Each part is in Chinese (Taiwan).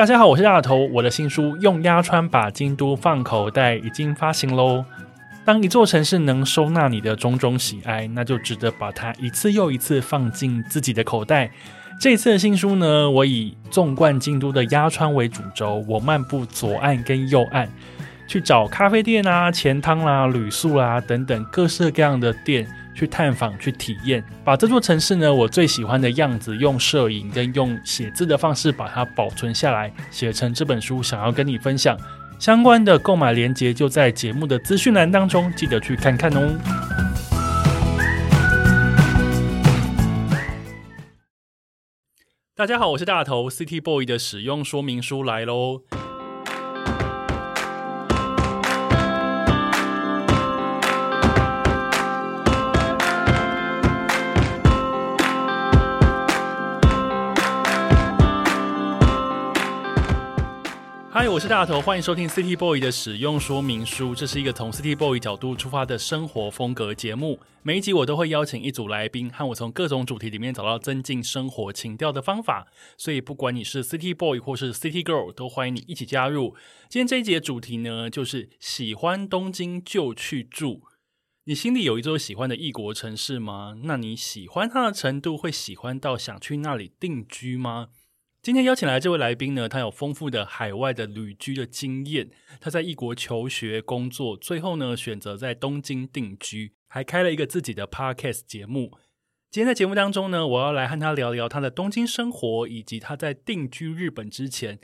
大家好，我是大頭。我的新書《用鴨川把京都放口袋》已經發行嘍。當一座城市能收納你的種種喜愛，那就值得把它一次又一次放進自己的口袋。這次的新書呢，我以縱貫京都的鴨川為主軸，我漫步左岸跟右岸，去找咖啡店啊、錢湯啊、旅宿啊、等等各式各樣的店。去探訪、去體驗，把這座城市呢，我最喜歡的樣子，用攝影跟用寫字的方式把它保存下來，寫成這本書，想要跟你分享。相關的購買鏈接就在節目的資訊欄當中，記得去看看哦。大家好，我是大頭，City Boy 的使用說明書來嘍。嗨，Hi, 我是大頭，歡迎收聽《City Boy 的使用說明書》。這是一個從 City Boy 角度出發的生活風格節目。每一集我都會邀請一組來賓和我從各種主題裡面找到增進生活情調的方法。所以，不管你是 City Boy 或是 City Girl，都歡迎你一起加入。今天這一集的主題呢，就是喜歡東京就去住。你心裡有一座喜歡的異國城市嗎？那你喜歡它的程度會喜歡到想去那裡定居嗎？今天邀請來這位來賓呢，他有豐富的海外的旅居的經驗。他在異國求學、工作，最後呢選擇在東京定居，還開了一個自己的 podcast 節目。今天在節目當中呢，我要來和他聊聊他的東京生活，以及他在定居日本之前，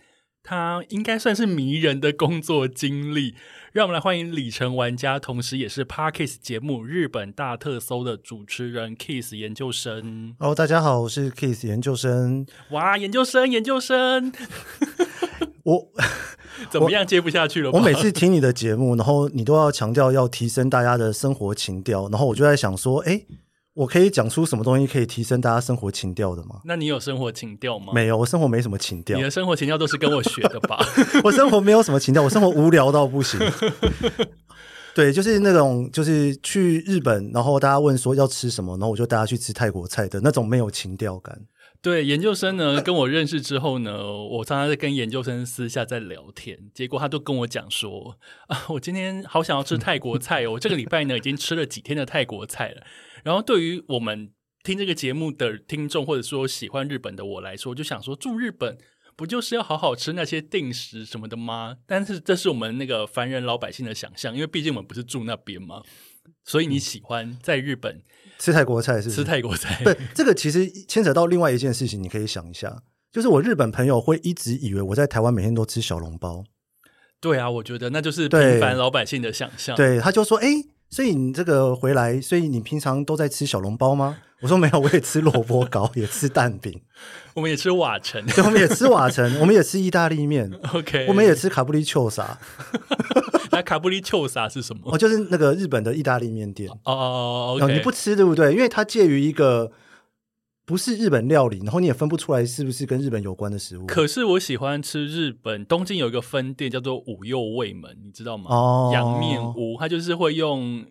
他應該算是迷人的工作經歷，讓我們來歡迎里程玩家，同時也是 Podcast 節目日本大特搜的主持人 KEITH 研究生。哦，大家好，我是 KEITH 研究生。哇，研究生，研究生， 我怎麼樣接不下去了我我？我每次聽你的節目，然後你都要強調要提升大家的生活情調，然後我就在想說，哎。我可以講出什麼東西可以提升大家生活情調的嗎？那你有生活情調嗎？沒有，我生活沒什麼情調。 你的生活情調都是跟我學的吧？ 我生活沒有什麼情調，我生活無聊到不行。 對，就是那種，就是去日本，然後大家問說要吃什麼，然後我就帶他去吃泰國菜的那種，沒有情調感。對，研究生呢跟我認識之後呢，呃、我常常在跟研究生私下在聊天，結果他都跟我講說啊，我今天好想要吃泰國菜哦，我 這個禮拜呢已經吃了幾天的泰國菜了。然後，對於我們聽這個節目的聽眾，或者說喜歡日本的我來說，就想說住日本不就是要好好吃那些定食什麼的嗎？但是這是我們那個凡人老百姓的想象，因為畢竟我們不是住那邊嘛。所以你喜歡在日本、嗯、吃、泰國菜是不是吃泰國菜，是吃泰國菜？不，這個其實牽扯到另外一件事情，你可以想一下，就是我日本朋友會一直以為我在台灣每天都吃小籠包。對啊，我覺得那就是平凡老百姓的想象。對，對，他就說，哎。所以你這個回來，所以你平常都在吃小籠包嗎？我說沒有，我也吃蘿蔔糕， 也吃蛋餅，我們，我們也吃瓦城， 我們也吃瓦城，我們也吃意大利麵，OK，我們也吃卡布里丘沙。那 卡布里丘沙是什麼？哦，就是那個日本的意大利麵店哦，哦，oh, okay. 你不吃對不對？因為它介於一個。不是日本料理，然後你也分不出來是不是跟日本有關的食物。可是我喜歡吃日本東京有一個分店叫做五右衛門，你知道嗎？哦，洋麵屋，它就是會用。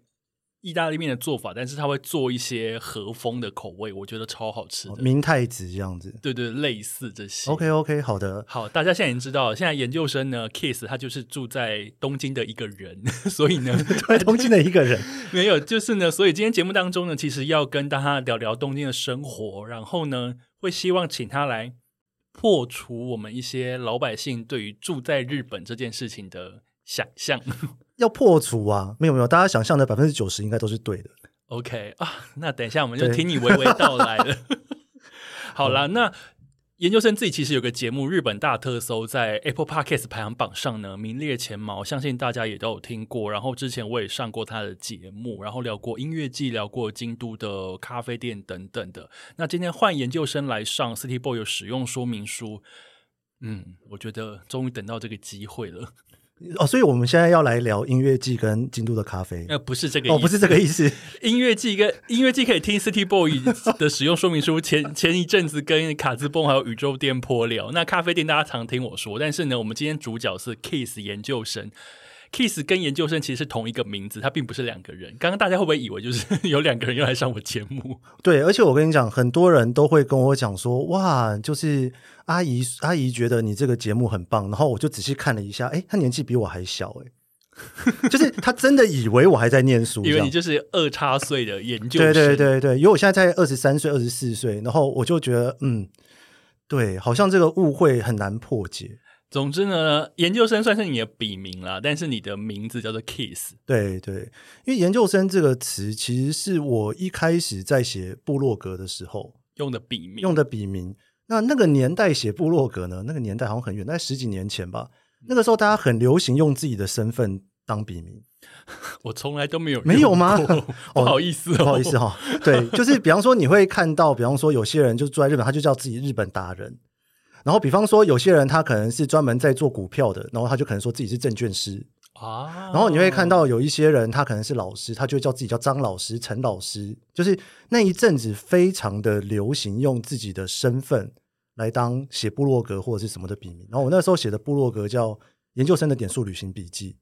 意大利麵的做法，但是他會做一些和風的口味，我覺得超好吃，哦，明太子這樣子，對，對對，類似這些。OK OK，好的，好，大家現在已經知道了，現在研究生呢，KEITH 他就是住在東京的一個人，呵呵所以呢，住在東京的一個人， 沒有，就是呢，所以今天節目當中呢，其實要跟大家聊聊東京的生活，然後呢，會希望請他來破除我們一些老百姓對於住在日本這件事情的想象。要破除啊，沒有沒有，大家想象的百分之九十應該都是對的。OK 啊，那等一下我們就聽你娓娓道來了。對 好啦，嗯、那研究生自己其實有個節目《日本大特搜》在 Apple Podcast 排行榜上呢，名列前茅，相信大家也都有聽過。然後之前我也上過他的節目，然後聊過音樂季，聊過京都的咖啡店等等的。那今天換研究生來上 City Boy 有使用說明書，嗯，我覺得終於等到這個機會了。哦，所以我們現在要來聊音樂祭跟京都的咖啡。呃、啊，不是這個意思，哦，不是這個意思。音樂祭跟音樂祭可以聽 City Boy 的使用說明書前。前 前一陣子跟卡茲崩還有宇宙電波聊，那咖啡店大家常聽我說。但是呢，我們今天主角是 KEITH 研究生。Keith 跟研究生其實是同一個名字，他並不是兩個人。剛剛大家會不會以為就是有兩個人又來上我節目？對，而且我跟你講，很多人都會跟我講說：“哇，就是阿姨阿姨覺得你這個節目很棒。”然後我就仔細看了一下，哎，他年紀比我還小、欸，哎， 就是他真的以為我還在念書，以為你就是二差歲的研究生。對對對對，因為我現在在二十三歲、二十四歲，然後我就覺得嗯，對，好像這個誤會很難破解。總之呢，研究生算是你的筆名啦，但是你的名字叫做 Keith。對對，因為研究生這個詞其實是我一開始在寫部落格的時候用的筆名。用的筆名，那那個年代寫部落格呢？那個年代好像很遠，大概十幾年前吧。那個時候大家很流行用自己的身份當筆名， 我從來都沒有。沒有嗎？ 哦、 不好意思、哦，不好意思哈。對，就是比方說你會看到，比方說有些人就住在日本，他就叫自己日本達人。然後，比方說，有些人他可能是專門在做股票的，然後他就可能說自己是證券師啊。然後你會看到有一些人，他可能是老師，他就叫自己叫張老師、陳老師，就是那一陣子非常的流行用自己的身份來當寫部落格或者是什麼的筆名。然後我那時候寫的部落格叫《研究生的點數旅行筆記》。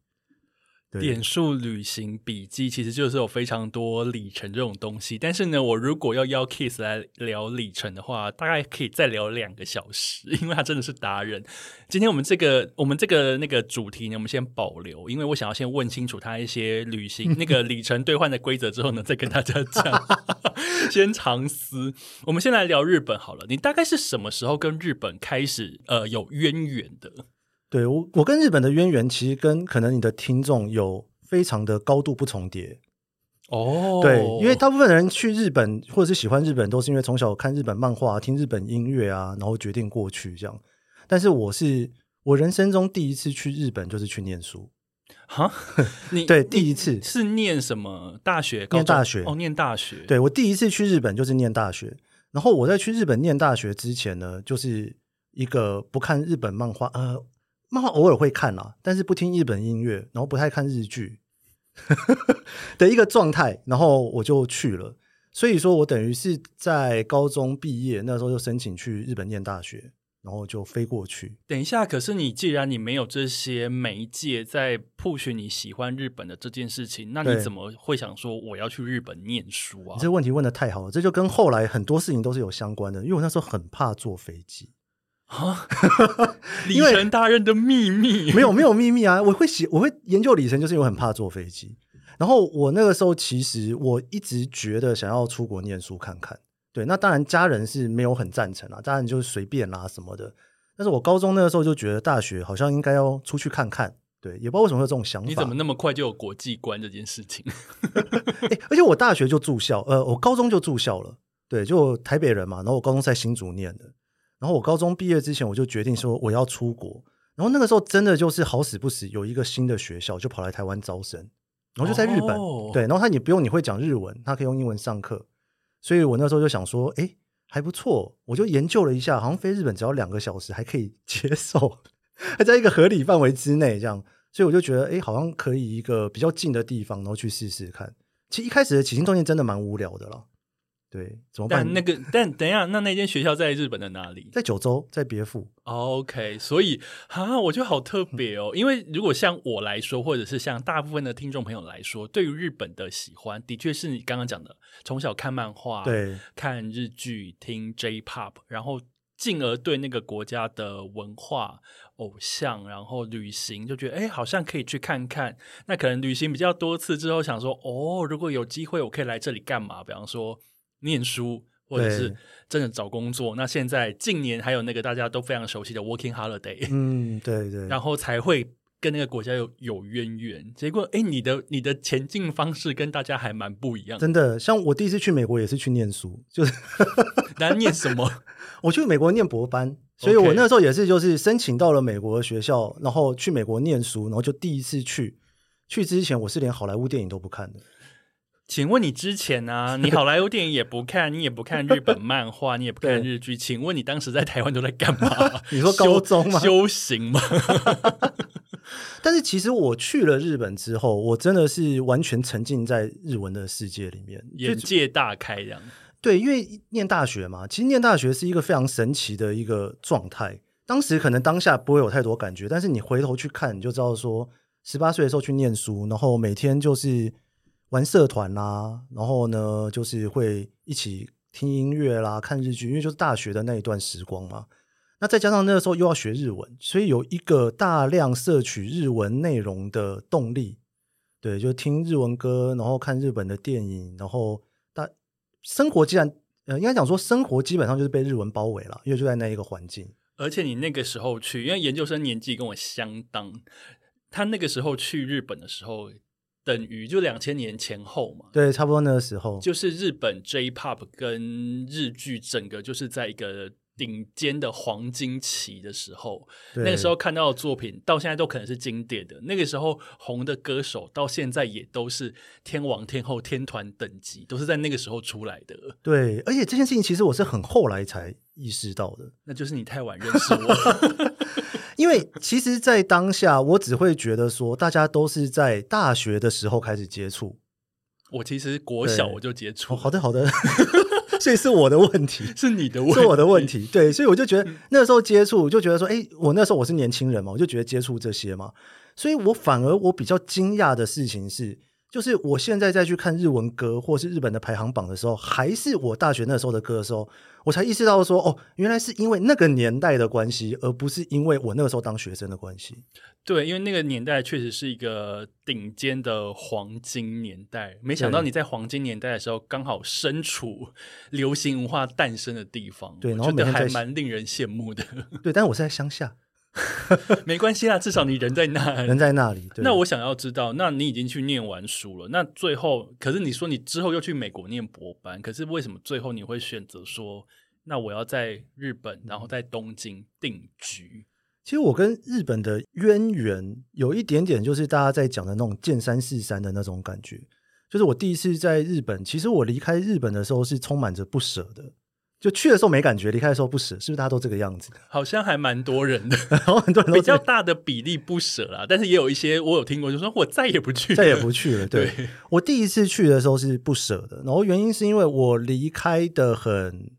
對點數旅行筆記其實就是有非常多里程這種東西，但是呢，我如果要邀 Kiss 來聊里程的話，大概可以再聊兩個小時，因為他真的是達人。今天我們這個我們這個那個主題呢，我們先保留，因為我想要先問清楚他一些旅行 那個里程兌換的規則之後呢，再跟大家講。 先長思，我們先來聊日本好了。你大概是什麼時候跟日本開始呃有淵源的？對我，我跟日本的淵源其實跟可能你的聽眾有非常的高度不重疊哦。Oh. 對，因為大部分人去日本或者是喜歡日本，都是因為從小看日本漫畫、啊、聽日本音樂啊，然後決定過去這樣。但是我是我人生中第一次去日本，就是去念書哈，Huh? 你對第一次是念什麼大學？念大學哦，念大學。對我第一次去日本就是念大學。然後我在去日本念大學之前呢，就是一個不看日本漫畫呃。媽媽偶爾會看啦、啊，但是不聽日本音樂，然後不太看日劇的一個狀態，然後我就去了。所以說，我等於是在高中畢業那時候就申請去日本念大學，然後就飛過去。等一下，可是你既然你沒有這些媒介在 push 你喜歡日本的這件事情，那你怎麼會想說我要去日本念書啊？你這問題問得太好了，這就跟後來很多事情都是有相關的。因為我那時候很怕坐飛機。啊！李 為，大人的秘密沒有，沒有秘密啊！我會寫我會研究里程就是因為我很怕坐飛機。然後我那個時候其實我一直覺得想要出國念書看看，對。那當然家人是沒有很贊成啊，當然就隨便啦什麼的。但是我高中那個時候就覺得大學好像應該要出去看看，對。也不知道為什麼會有這種想法。你怎麼那麼快就有國際觀這件事情？哎、 欸，而且我大學就住校，呃，我高中就住校了，對，就台北人嘛，然後我高中在新竹念的。然後我高中畢業之前，我就決定說我要出國。然後那個時候真的就是好死不死，有一個新的學校就跑來台灣招生，然後就在日本。對，然後他也不用你會講日文，他可以用英文上課，所以我那時候就想說，哎，還不錯。我就研究了一下，好像飛日本只要兩個小時，還可以接受，還在一個合理範圍之內，這樣。所以我就覺得，哎，好像可以一個比較近的地方，然後去試試看。其實一開始的起心動念，真的蠻無聊的啦。對，怎麼辦？但那個， 但等一下，那那間學校在日本的哪裡？在九州，在別府。OK，所以啊，我覺得好特別哦。 因為如果像我來說，或者是像大部分的聽眾朋友來說，對於日本的喜歡，的確是你剛剛講的，從小看漫畫，對，看日劇，聽 J-Pop，然後進而對那個國家的文化、偶像，然後旅行，就覺得哎，好像可以去看看。那可能旅行比較多次之後，想說哦，如果有機會，我可以來這裡幹嘛？比方說。念書，或者是真的找工作。對那現在近年還有那個大家都非常熟悉的 Working Holiday。嗯，對對。然後才會跟那個國家有有淵源。結果，哎，你的你的前進方式跟大家還蠻不一樣。真的，像我第一次去美國也是去念書，就是那念什麼？ 我去美國念博班，所以我那時候也是就是申請到了美國的學校，然後去美國念書，然後就第一次去。去之前我是連好萊塢電影都不看的。請問你之前呢、啊？你好萊塢電影也不看， 你也不看日本漫畫，你也不看日劇。請對問你當時在台灣都在幹嘛？ 你說高中嗎？修、修行嗎？ 但是其實我去了日本之後，我真的是完全沉浸在日文的世界裡面，眼界大開這樣。對，因為念大學嘛，其實念大學是一個非常神奇的一個狀態。當時可能當下不會有太多感覺，但是你回頭去看，你就知道說，十八歲的時候去念書，然後每天就是。玩社團啦、啊，然後呢，就是會一起聽音樂啦，看日劇，因為就是大學的那一段時光嘛。那再加上那個時候又要學日文，所以有一個大量攝取日文內容的動力。對，就是、聽日文歌，然後看日本的電影，然後大生活既然呃，應該講說生活基本上就是被日文包圍了，因為就在那一個環境。而且你那個時候去，因為研究生年紀跟我相當，他那個時候去日本的時候。等於就兩千年前後嘛，對，差不多那個時候，就是日本 J-Pop 跟日劇，整個就是在一個頂尖的黃金期的時候，對那個時候看到的作品到現在都可能是經典的，那個時候紅的歌手到現在也都是天王天後天團等級，都是在那個時候出來的。對，而且這件事情其實我是很後來才意識到的，那就是你太晚認識我了。 因為其實，在當下，我只會覺得說，大家都是在大學的時候開始接觸。我其實國小我就接觸、哦，好的好的， 所以是我的問題 是你的問題，是我的問題。對，所以我就覺得那時候接觸，就覺得說，誒、欸，我那時候我是年輕人嘛，我就覺得接觸這些嘛。所以，我反而我比較驚訝的事情是，就是我現在再去看日文歌或是日本的排行榜的時候，還是我大學那時候的歌的時候。我才意識到說哦，原來是因為那個年代的關係，而不是因為我那個時候當學生的關係。對，因為那個年代確實是一個頂尖的黃金年代。沒想到你在黃金年代的時候，剛好身處流行文化誕生的地方。對，然後還蠻令人羨慕的。對，對，但我是我在鄉下。 沒關係啦、啊，至少你人在那裡，人在那裡。對，那我想要知道，那你已經去念完書了，那最後，可是你說你之後又去美國念博班，可是為什麼最後你會選擇說，那我要在日本，然後在東京定居、嗯？其實我跟日本的淵源有一點點，就是大家在講的那種見山是山的那種感覺，就是我第一次在日本，其實我離開日本的時候是充滿着不舍的。就去的時候沒感覺，離開的時候不舍，是不是大家都這個樣子？好像還蠻多人的，然後 很多人都、這個、比較大的比例不舍啦，但是也有一些我有聽過，就說我再也不去了，再也不去了。對，對我第一次去的時候是不舍的，然後原因是因為我離開的很，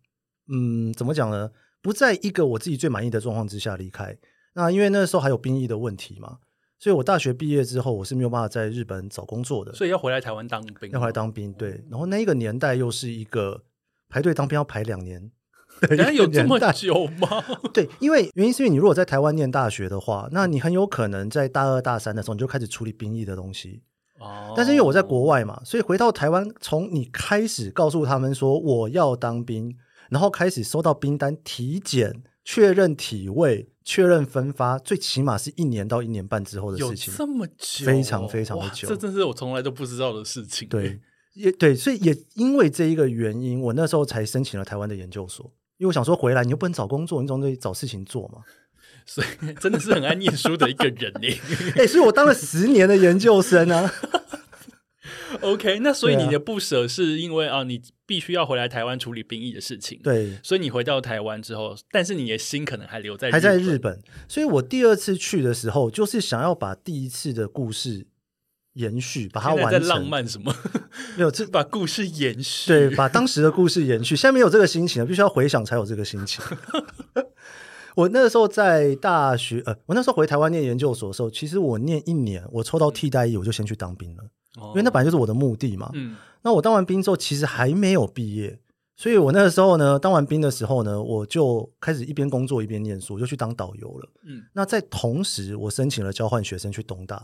嗯，怎麼講呢？不在一個我自己最滿意的狀況之下離開。那因為那時候還有兵役的問題嘛，所以我大學畢業之後我是沒有辦法在日本找工作的，所以要回來台灣當兵，要回來當兵。對，然後那一個年代又是一個。排隊當兵要排兩年，人家有這麼久嗎？ 對，因為原因是因為你如果在台灣念大學的話，那你很有可能在大二大三的時候你就開始處理兵役的東西。哦，但是因為我在國外嘛，所以回到台灣，從你開始告訴他們說我要當兵，然後開始收到兵單、體檢、確認體位、確認分發，最起碼是一年到一年半之後的事情，有這麼久，非常非常的久，這真是我從來都不知道的事情。對。也對，所以也因為這一個原因，我那時候才申請了台灣的研究所，因為我想說回來，你又不能找工作，你總得找事情做嘛。所以真的是很愛念書的一個人呢、 欸。所以我當了十年的研究生啊。 OK，那所以你的不捨是因為啊，啊，你必須要回來台灣處理兵役的事情。對，所以你回到台灣之後，但是你的心可能還留在還在日本。所以我第二次去的時候，就是想要把第一次的故事，延續，把它完成。在浪漫什麼？成 沒有，這把故事延續。對，把當時的故事延續。現在沒有這個心情了，必須要回想才有這個心情。 我那個時候在大學，呃，我那時候回台灣念研究所的時候，其實我念一年，我抽到替代役，我就先去當兵了。哦，因為那本來就是我的目的嘛。嗯。那我當完兵之後，其實還沒有畢業，所以我那個時候呢，當完兵的時候呢，我就開始一邊工作一邊念書，我就去當導遊了。嗯。那在同時，我申請了交換學生去東大。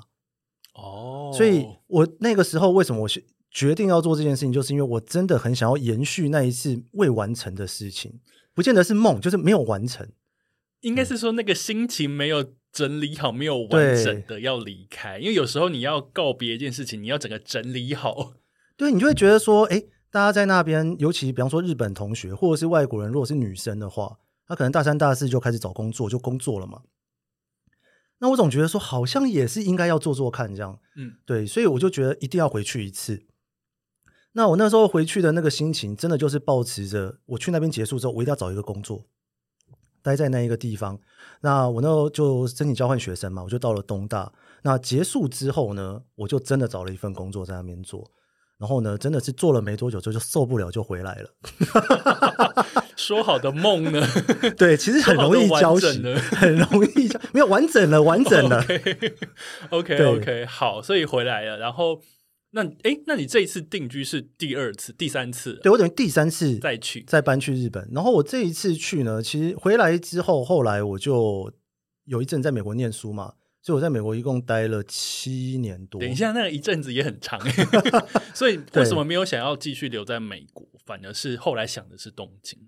哦，oh. 所以我那個時候為什麼我決決定要做這件事情，就是因為我真的很想要延續那一次未完成的事情，不見得是夢，就是沒有完成，應該是說那個心情沒有整理好，嗯、沒有完整的要離開。對因為有時候你要告別一件事情，你要整個整理好，對，你就會覺得說，誒、欸，大家在那邊，尤其比方說日本同學或者是外國人，如果是女生的話，她、啊、可能大三大四就開始找工作，就工作了嘛。那我總覺得說，好像也是應該要做做看這樣，嗯，對，所以我就覺得一定要回去一次。那我那時候回去的那個心情，真的就是抱持著，我去那邊結束之後，我一定要找一個工作，待在那一個地方。那我那時候就申請交換學生嘛，我就到了東大。那結束之後呢，我就真的找了一份工作在那邊做，然後呢，真的是做了沒多久之後就受不了，就回來了。 說好的夢呢？對，其實很容易交集 的完整， 很容易沒有完整了，完整了。 OK okay, 對 OK，好，所以回來了。然後那哎、欸，那你這一次定居是第二次、第三次？對我等於第三次再去，再搬去日本。去然後我這一次去呢，其實回來之後，後來我就有一陣子在美國念書嘛，所以我在美國一共待了七年多。 等一下，那個、一陣子也很長， 所以為什麼沒有想要繼續留在美國？ 對反而是後來想的是東京？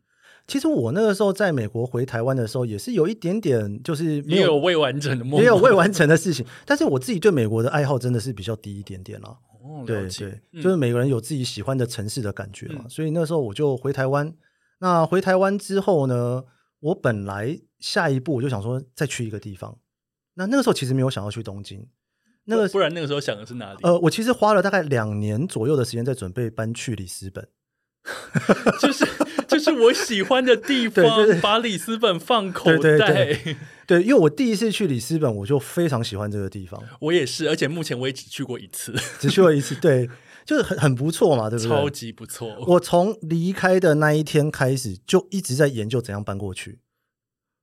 其實我那個時候在美國回台灣的時候，也是有一點點就是沒有未完成的夢，沒有未完成的事情。但是我自己對美國的愛好真的是比較低一點點啦。哦，對對，就是每個人有自己喜歡的城市的感覺嘛。所以那時候我就回台灣。那回台灣之後呢，我本來下一步我就想說再去一個地方。那那個時候其實沒有想要去東京。那個不然那個時候想的是哪裡？呃，我其實花了大概兩年左右的時間在準備搬去里斯本。 就是就是我喜歡的地方， 就是，把里斯本放口袋對對對對。對，因為我第一次去里斯本，我就非常喜歡這個地方。我也是，而且目前為止去過一次，只去過一次。對，就是很很不錯嘛，對不對？超級不錯。我從離開的那一天開始，就一直在研究怎樣搬過去。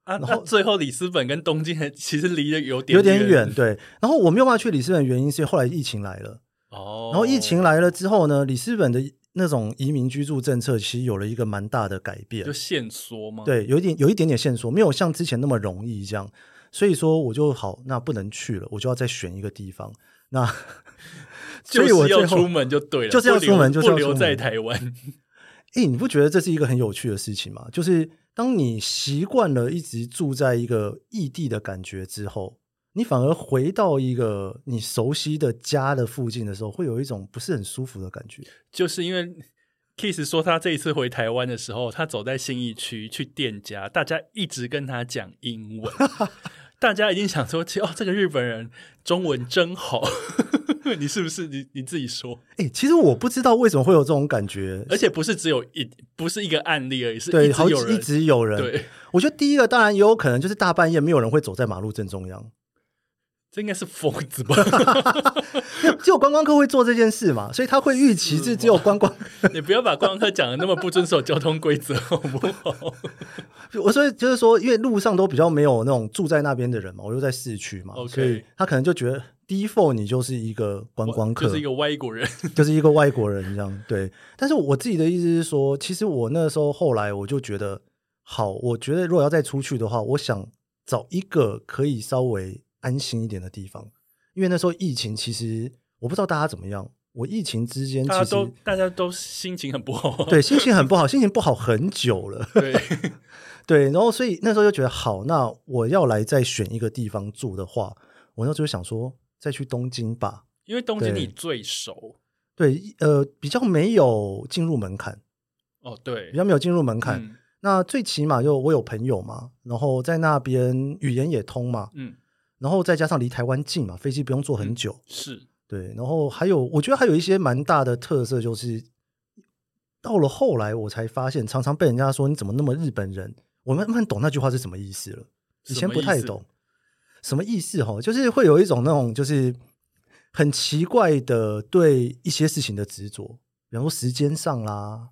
啊、然後、啊啊、最後里斯本跟東京其實離得有點遠，有點遠對。然後我沒有辦法去里斯本，原因是因為後來疫情來了。哦。然後疫情來了之後呢，里斯本的。那種移民居住政策其實有了一個蠻大的改變，就限縮嘛。對，有一點有一點點限縮，沒有像之前那麼容易這樣。所以說，我就好，那不能去了，我就要再選一個地方。那所以我最後出門就對了，我就是要出門，留就是要出門不留在台灣。哎、 欸，你不覺得這是一個很有趣的事情嗎？就是當你習慣了一直住在一個異地的感覺之後。你反而回到一個你熟悉的家的附近的時候，會有一種不是很舒服的感覺。就是因為 Keith 說他這一次回台灣的時候，他走在信義區去店家，大家一直跟他講英文， 大家一定想說哦，這個日本人中文真好。 你是不是你你自己說？哎、欸，其實我不知道為什麼會有這種感覺，而且不是只有一，不是一個案例而已，是對好一直有人。我覺得第一個當然也有可能就是大半夜沒有人會走在馬路正中央。這應該是瘋子吧？ 只有觀光客會做這件事嘛，所以他會預期，就只有觀光客。你不要把觀光客 講得那麼不遵守交通規則，好不好？我 所以就是說，因為路上都比較沒有那種住在那邊的人嘛，我又在市區嘛，OK，他可能就覺得，第一 default 你就是一個觀光客，就是一個外國人， 就是一個外國人這樣。對。但是我自己的意思是說，其實我那時候後來我就覺得，好，我覺得如果要再出去的話，我想找一個可以稍微。安心一點的地方，因為那時候疫情，其實我不知道大家怎麼樣。我疫情之間，其實大家，大家都心情很不好，對，心情很不好， 心情不好很久了。對， 對，然後所以那時候就覺得，好，那我要來再選一個地方住的話，我那時候就想說，再去東京吧，因為東京你最熟。對，對，呃，比較沒有進入門檻，哦，對，比較沒有進入門檻。嗯，那最起碼又我有朋友嘛，然後在那邊語言也通嘛，嗯。然後再加上離台灣近嘛，飛機不用坐很久。嗯、是，對。然後還有，我覺得還有一些蠻大的特色，就是到了後來我才發現，常常被人家說你怎麼那麼日本人，我慢慢懂那句話是什麼意思了。以前不太懂，什麼意思？什麼意思哦，就是會有一種那種就是很奇怪的對一些事情的執着，比方說時間上啦、啊，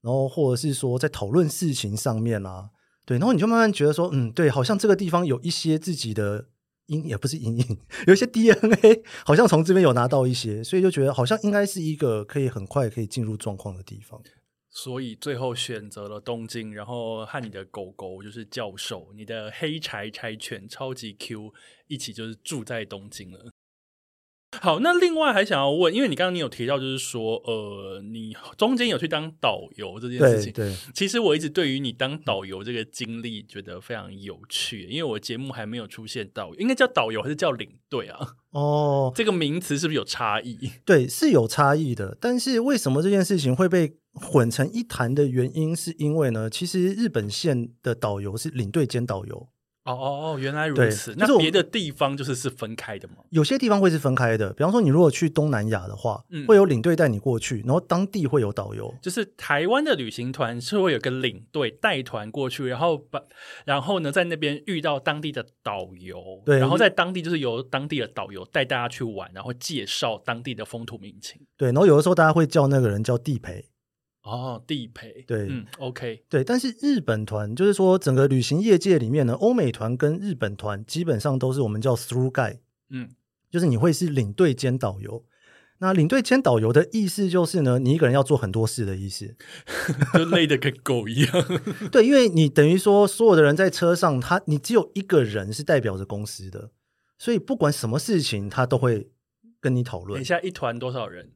然後或者是說在討論事情上面啦、啊，對，然後你就慢慢覺得說，嗯，對，好像這個地方有一些自己的。陰，也不是陰影，有一些 DNA 好像從這邊有拿到一些，所以就覺得好像應該是一個可以很快可以進入狀況的地方，所以最後選擇了東京，然後和你的狗狗就是教授，你的黑柴柴犬超級 Q 一起就是住在東京了。好，那另外還想要問，因為你剛剛你有提到，就是說，呃，你中間有去當導遊這件事情。對，對。其實我一直對於你當導遊這個經歷覺得非常有趣，因為我節目還沒有出現導遊，應該叫導遊還是叫領隊啊？哦，這個名詞是不是有差異？對，是有差異的。但是為什麼這件事情會被混成一談的原因，是因為呢？其實日本線的導遊是領隊兼導遊。哦哦哦，原來如此。就是、那別的地方就是是分開的嘛？有些地方會是分開的，比方說你如果去東南亞的話，嗯、會有領隊帶你過去，然後當地會有導遊。就是台灣的旅行團是會有個領隊帶團過去，然後把然後呢在那邊遇到當地的導遊，對，然後在當地就是由當地的導遊帶大家去玩，然後介紹當地的風土民情。對，然後有的時候大家會叫那個人叫地陪。哦，地陪對，嗯，OK，對。但是日本團就是說，整個旅行業界裡面呢，歐美團跟日本團基本上都是我們叫 through guide。嗯，就是你會是領隊兼導遊。那領隊兼導遊的意思就是呢，你一個人要做很多事的意思， 就累得跟狗一樣 對，因為你等於說所有的人在車上，他你只有一個人是代表着公司的，所以不管什麼事情他都會跟你討論。等一下一團多少人？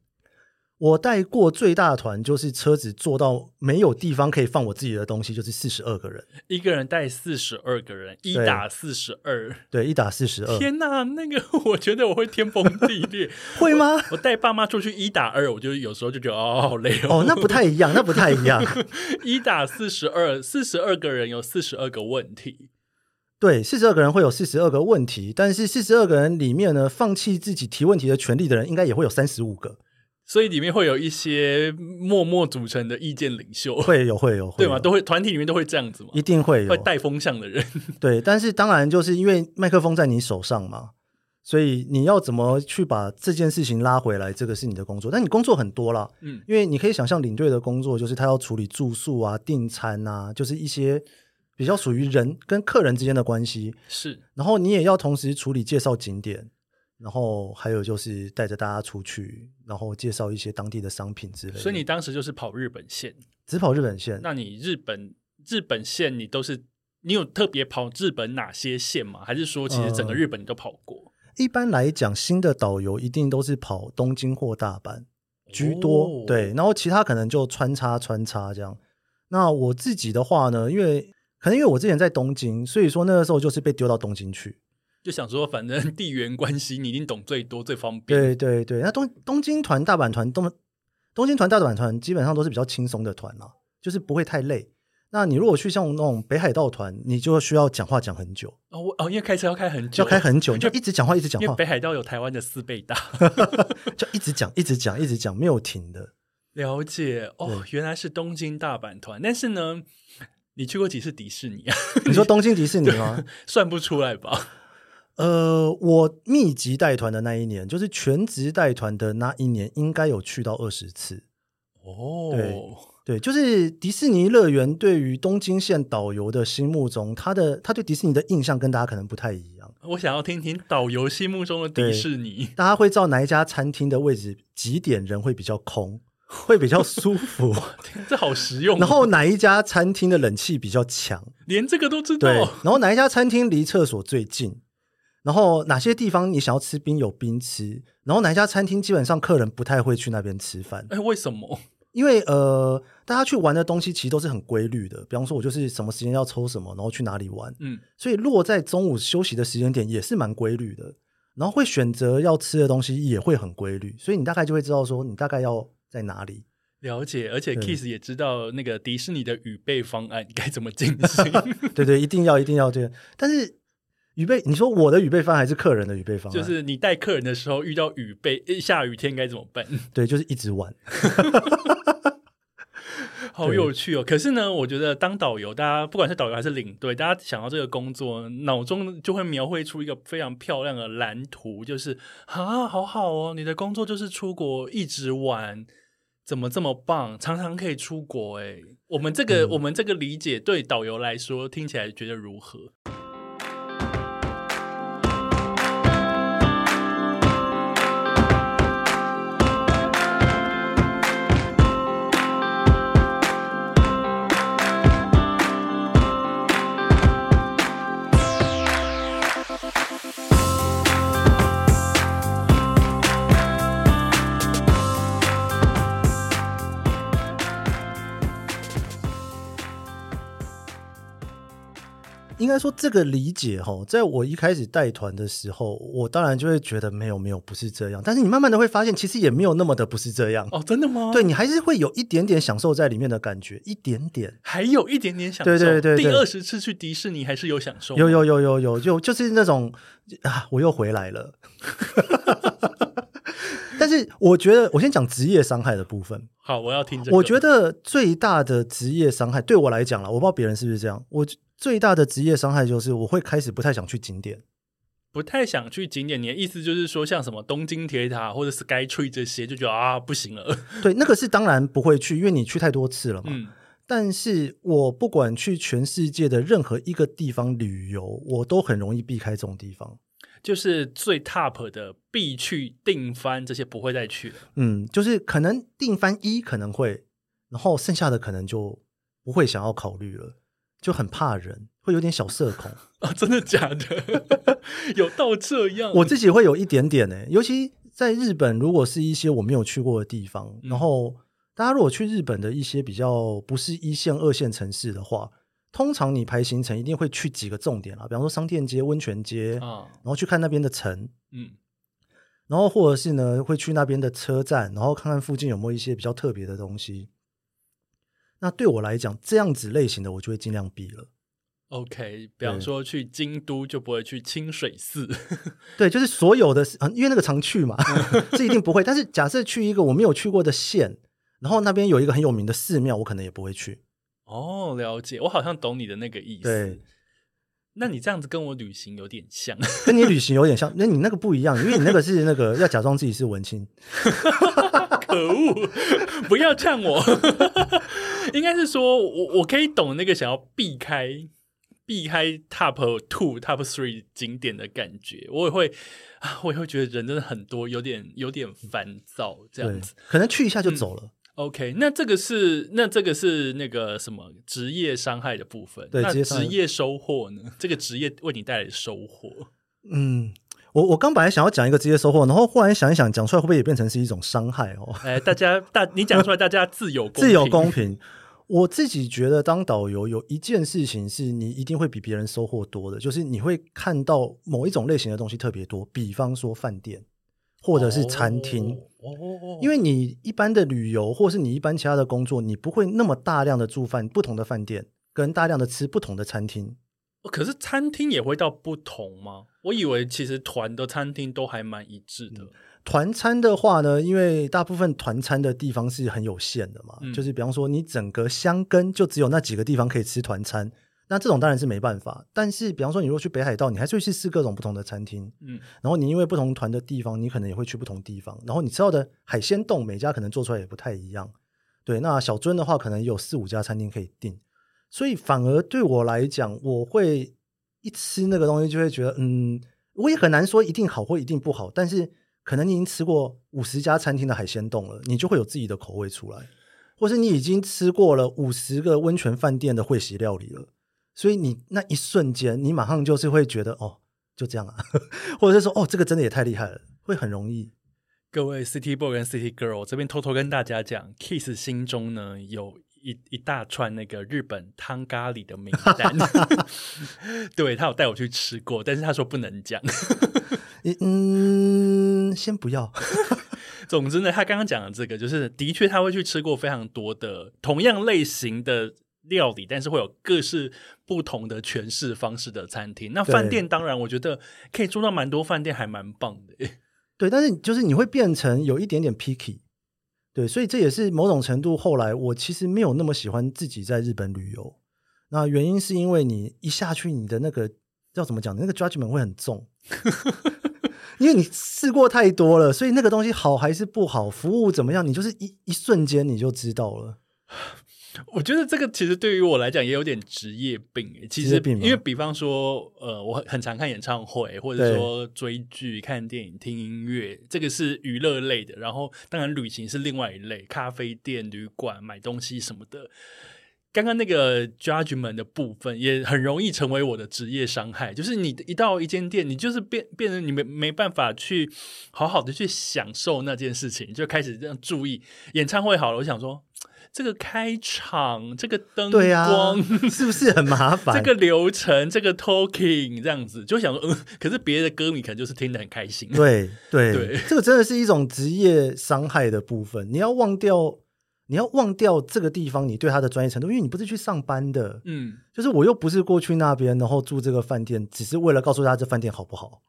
我帶過最大團就是車子坐到沒有地方可以放我自己的東西，就是四十二個人，一個人帶四十二個人，一打四十二，對，一打四十二。天吶，啊，那個我覺得我會天崩地裂， 會嗎？我帶爸媽出去一打二，我就有時候就覺得哦好累哦。Oh, 那不太一樣，那不太一樣， 一打四十二，四十二個人有四十二個問題，對，四十二個人會有四十二個問題，但是四十二個人裡面呢，放棄自己提問題的權利的人，應該也會有三十五個。所以裡面會有一些默默組成的意見領袖，會有會有，會有對嗎？都會團體裡面都會這樣子嘛，一定會有會帶風向的人。對，但是當然就是因為麥克風在你手上嘛，所以你要怎麼去把這件事情拉回來，這個是你的工作。但你工作很多啦，嗯，因為你可以想象領隊的工作就是他要處理住宿啊、訂餐啊，就是一些比較屬於人跟客人之間的關係是。然後你也要同時處理介紹景點。然後還有就是帶着大家出去，然後介紹一些當地的商品之類的。所以你當時就是跑日本線，只跑日本線。那你日本日本線，你都是你有特別跑日本哪些線嗎？還是說其實整個日本你都跑過？嗯，一般來講，新的導遊一定都是跑東京或大阪居多，哦，對。然後其他可能就穿插穿插這樣。那我自己的話呢，因為可能因為我之前在東京，所以說那個時候就是被丟到東京去。就想說，反正地緣關係，你一定懂最多最方便。對對對，那東東京團、大阪團、東、東京團、大阪團基本上都是比較輕鬆的團啦，就是不會太累。那你如果去像那種北海道團，你就需要講話講很久哦，哦，因為開車要開很久，要開很久，就你就一直講話一直講話。講話因為北海道有台灣的四倍大， 就一直講一直講一直講、一直講，沒有停的。了解哦，對原來是東京大阪團，但是呢，你去過幾次迪士尼啊？你說東京迪士尼嗎？ 算不出來吧？呃，我密集帶團的那一年，就是全職帶團的那一年，應該有去到二十次哦。Oh. 對對，就是迪士尼樂園對於東京線導遊的心目中，他的他對迪士尼的印象跟大家可能不太一樣。我想要聽聽導遊心目中的迪士尼。大家會知道哪一家餐廳的位置，幾點人會比較空，會比較舒服， 這好實用耶。然後哪一家餐廳的冷氣比較強，連這個都知道。然後哪一家餐廳離廁所最近？然後哪些地方你想要吃冰有冰吃？然後哪一家餐廳基本上客人不太會去那邊吃飯？哎，為什麼？因為呃，大家去玩的東西其實都是很規律的。比方說，我就是什麼時間要抽什麼，然後去哪裡玩。嗯，所以落在中午休息的時間點也是蠻規律的。然後會選擇要吃的東西也會很規律，所以你大概就會知道說你大概要在哪裡了解。而且 Keith 對也知道那個迪士尼的預備方案該怎麼進行。 對對，一定要一定要這樣。但是。雨備，你說我的雨備方還是客人的雨備方？就是你帶客人的時候遇到雨備，下雨天該怎麼辦？對，就是一直玩， 好有趣哦。可是呢，我覺得當導遊，大家不管是導遊還是領隊，大家想到這個工作，腦中就會描繪出一個非常漂亮的藍圖，就是啊，好好哦，你的工作就是出國一直玩，怎麼這麼棒，常常可以出國哎。我們這個、嗯、我們這個理解對導遊來說聽起來覺得如何？應該說這個理解，在我一開始帶團的時候，我當然就會覺得沒有沒有不是這樣。但是你慢慢的會發現，其實也沒有那麼的不是這樣哦，真的嗎？對，你還是會有一點點享受在裡面的感覺，一點點，還有一點點享受。對,對對對，第二十次去迪士尼還是有享受。有有有有有，就就是那種啊，我又回來了。 但是我覺得，我先講職業傷害的部分。好，我要聽。我覺得最大的職業傷害，對我來講啦，我不知道別人是不是這樣。我最大的職業傷害就是，我會開始不太想去景點，不太想去景點。你的意思就是說，像什麼東京鐵塔或者 Sky Tree 這些，就覺得啊，不行了。 對，那個是當然不會去，因為你去太多次了嘛。嗯、但是我不管去全世界的任何一個地方旅遊，我都很容易避開這種地方。就是最 top 的必去定番，這些不會再去了。嗯，就是可能定番一可能會，然後剩下的可能就不會想要考慮了，就很怕人，會有點小社恐啊！真的假的？ 有到這樣？我自己會有一點點呢、欸，尤其在日本，如果是一些我沒有去過的地方，嗯、然後大家如果去日本的一些比較不是一線二線城市的話。通常你排行程一定會去幾個重點啦，比方說商店街、溫泉街，哦、然後去看那邊的城，嗯，然後或者是呢會去那邊的車站，然後看看附近有沒有一些比較特別的東西。那對我來講，這樣子類型的我就會盡量避了。OK，比方說去京都就不會去清水寺，對， 對，就是所有的，因為那個常去嘛，這、嗯、 一定不會。但是假設去一個我沒有去過的縣，然後那邊有一個很有名的寺廟，我可能也不會去。哦，了解，我好像懂你的那個意思。對，那你這樣子跟我旅行有點像，跟你旅行有點像。那 你那個不一樣，因為你那個是那個 要假裝自己是文青。 可惡，不要嗆我。 應該是說我我可以懂那個想要避開避開 top two top three 景點的感覺。我也會啊，我也會覺得人真的很多，有點有點煩躁這樣子。可能去一下就走了。嗯 OK，那這個是那這個是那個什麼職業傷害的部分？對那職業收穫呢？職業這個職業為你帶來收穫？嗯，我我剛本來想要講一個職業收穫，然後忽然想一想，講出來會不會也變成是一種傷害哦、喔？哎、欸，大家大你講出來，大家自有 自有公平。我自己覺得當導遊有一件事情是你一定會比別人收穫多的，就是你會看到某一種類型的東西特別多，比方說飯店或者是餐廳。哦哦哦哦，因為你一般的旅遊，或是你一般其他的工作，你不會那麼大量的住飯不同的飯店，跟大量的吃不同的餐廳。可是餐廳也會到不同嗎？我以為其實團的餐廳都還蠻一致的。嗯、團餐的話呢，因為大部分團餐的地方是很有限的嘛，嗯、就是比方說你整個箱根就只有那幾個地方可以吃團餐。那這種當然是沒辦法，但是比方說你如果去北海道，你還是去試各種不同的餐廳，嗯，然後你因為不同團的地方，你可能也會去不同地方，然後你吃到的海鮮丼，每家可能做出來也不太一樣，對。那小樽的話，可能有四五家餐廳可以訂，所以反而對我來講，我會一吃那個東西就會覺得，嗯，我也很難說一定好或一定不好，但是可能你已經吃過五十家餐廳的海鮮丼了，你就會有自己的口味出來，或是你已經吃過了五十個溫泉飯店的會席料理了。所以你那一瞬間，你馬上就是會覺得哦，就這樣啊，或者是說哦，這個真的也太厲害了，會很容易。各位 City Boy 跟 City Girl，我這邊偷偷跟大家講，Keith 心中呢有一一大串那個日本湯咖喱的名單。 對，他有帶我去吃過，但是他說不能講。 嗯，先不要。 總之呢，他剛剛講的這個，就是的確他會去吃過非常多的同樣類型的。料理，但是會有各式不同的詮釋方式的餐廳。那飯店當然，我覺得可以做到蠻多飯店，還蠻棒的。對，但是就是你會變成有一點點 picky。對，所以這也是某種程度後來，我其實沒有那麼喜歡自己在日本旅遊。那原因是因為你一下去，你的那個要怎麼講，那個 judgment 會很重， 因為你試過太多了，所以那個東西好還是不好，服務怎麼樣，你就是一一瞬間你就知道了。我覺得這個其實對於我來講也有點職業病欸，其實，因為比方說，呃，我很常看演唱會，或者說追劇、看電影、聽音樂，這個是娛樂類的。然後，當然旅行是另外一類，咖啡店、旅館、買東西什麼的。剛剛那個 judgment 的部分也很容易成為我的職業傷害，就是你一到一間店，你就是變變成你沒沒辦法去好好的去享受那件事情，就開始這樣注意。演唱會好了，我想說。這個開場，這個燈光、啊、是不是很麻煩？這個流程，這個 talking 這樣子，就想說，嗯，可是別的歌迷可能就是聽得很開心。對對，對對，這個真的是一種職業傷害的部分。你要忘掉，你要忘掉這個地方，你對他的專業程度，因為你不是去上班的。嗯，就是我又不是過去那邊，然後住這個飯店，只是為了告訴大家這飯店好不好。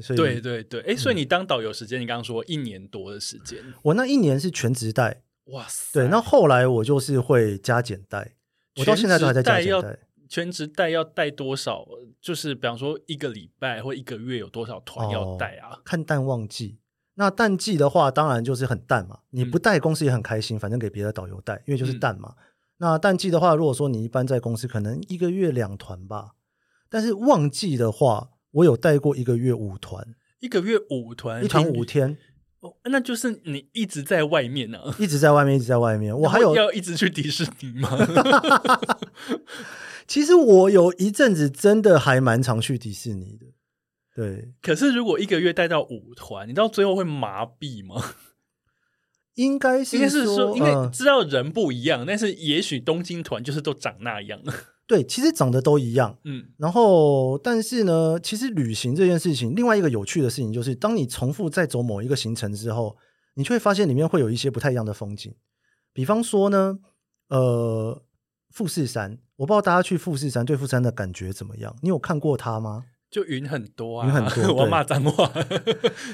所以，對對對，哎，嗯、所以你當導遊時間，你剛剛說一年多的時間，我那一年是全職帶。哇塞！對，那後來我就是會加減帶，我到現在就還在加減帶。全職帶要，全職帶要帶多少？就是比方說一個禮拜或一個月有多少團要帶啊？哦、看淡旺季。那淡季的話，當然就是很淡嘛，你不帶公司也很開心，反正給別的導遊帶，因為就是淡嘛。嗯、那淡季的話，如果說你一般在公司可能一個月兩團吧，但是旺季的話，我有帶過一個月五團，一個月五團，一團五天。哦，那就是你一直在外面呢？啊，一直在外面，一直在外面。我還有要一直去迪士尼嗎？ 其實我有一陣子真的還蠻常去迪士尼的。對。可是如果一個月帶到五團，你知道最後會麻痹嗎？應該是，應該是說，因為知道人不一樣，嗯，但是也許東京團就是都長那樣。對，其實長得都一樣，嗯，然後但是呢，其實旅行這件事情，另外一個有趣的事情就是，當你重複再走某一個行程之後，你就會發現裡面會有一些不太一樣的風景。比方說呢，呃，富士山，我不知道大家去富士山對富士山的感覺怎麼樣？你有看過它嗎？就雲很多啊，雲很多我罵髒話，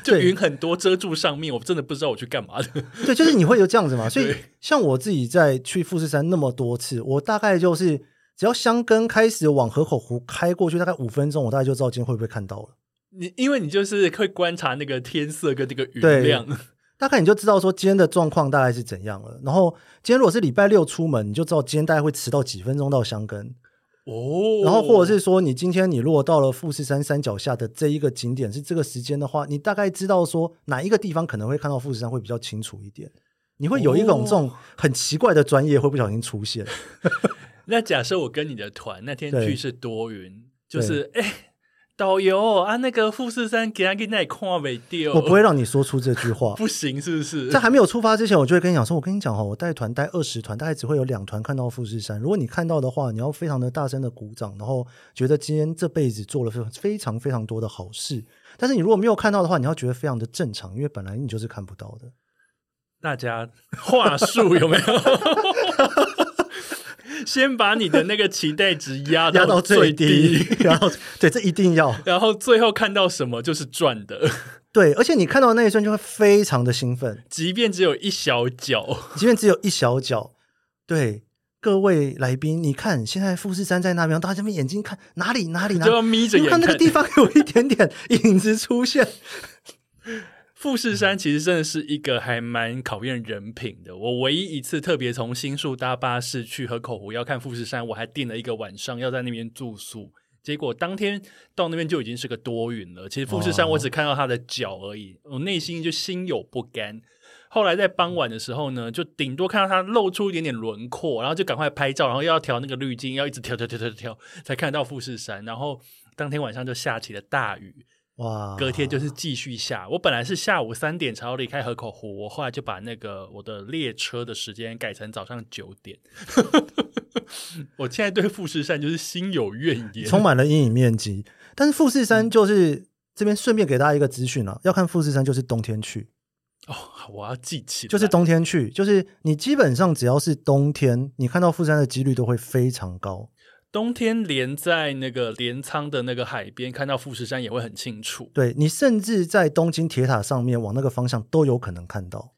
就雲很多遮住上面，對我真的不知道我去幹嘛的。 對，就是你會有這樣子嘛？所以對像我自己在去富士山那麼多次，我大概就是。只要箱根開始往河口湖開過去，大概五分鐘，我大概就知道今天會不會看到了。你因為你就是會觀察那個天色跟那個雲量，對，大概你就知道說今天的狀況大概是怎樣了。然後今天如果是禮拜六出門，你就知道今天大概會遲到幾分鐘到箱根哦。然後或者是說，你今天你如果到了富士山山腳下的這一個景點是這個時間的話，你大概知道說哪一個地方可能會看到富士山會比較清楚一點。你會有一種這種很奇怪的專業會不小心出現。哦 那假設我跟你的團那天去是多雲，對就是哎對、欸，導遊啊，那個富士山今天怎麼看不到？我不會讓你說出這句話， 不行是不是？在還沒有出發之前，我就會跟你講說，我跟你講哈，我帶團帶二十團，大概只會有兩團看到富士山。如果你看到的話，你要非常的大聲的鼓掌，然後覺得今天這輩子做了非非常非常多的好事。但是你如果沒有看到的話，你要覺得非常的正常，因為本來你就是看不到的。大家話術有沒有？ 先把你的那個期待值壓壓到最低，然後對，這一定要，然後最後看到什麼就是賺的。對，而且你看到那一瞬間就會非常的興奮，即便只有一小角，即便只有一小角。對，各位來賓，你看現在富士山在那邊，大家這邊眼睛看哪裡哪裡哪裡，都要眯着眼，你看那個地方有一點點影子出現。 富士山其實真的是一個還蠻考驗人品的。我唯一一次特別從新宿搭巴士去河口湖要看富士山，我還訂了一個晚上要在那邊住宿。結果當天到那邊就已經是個多雲了。其實富士山我只看到它的腳而已，我內心就心有不甘。後來在傍晚的時候呢，就頂多看到它露出一點點輪廓，然後就趕快拍照，然後又要調那個濾鏡，要一直調調調調調，調，才看到富士山。然後當天晚上就下起了大雨。哇！隔天就是繼續下。我本來是下午三點才要離開河口湖，我後來就把那個我的列車的時間改成早上九點。 我現在對富士山就是心有怨言，充滿了陰影面積。但是富士山就是、嗯、這邊順便給大家一個資訊啊，要看富士山就是冬天去哦。我要記起，就是冬天去，就是你基本上只要是冬天，你看到富士山的幾率都會非常高。冬天連在那個鎌倉的那個海邊，看到富士山也會很清楚。對，你甚至在東京鐵塔上面往那個方向都有可能看到。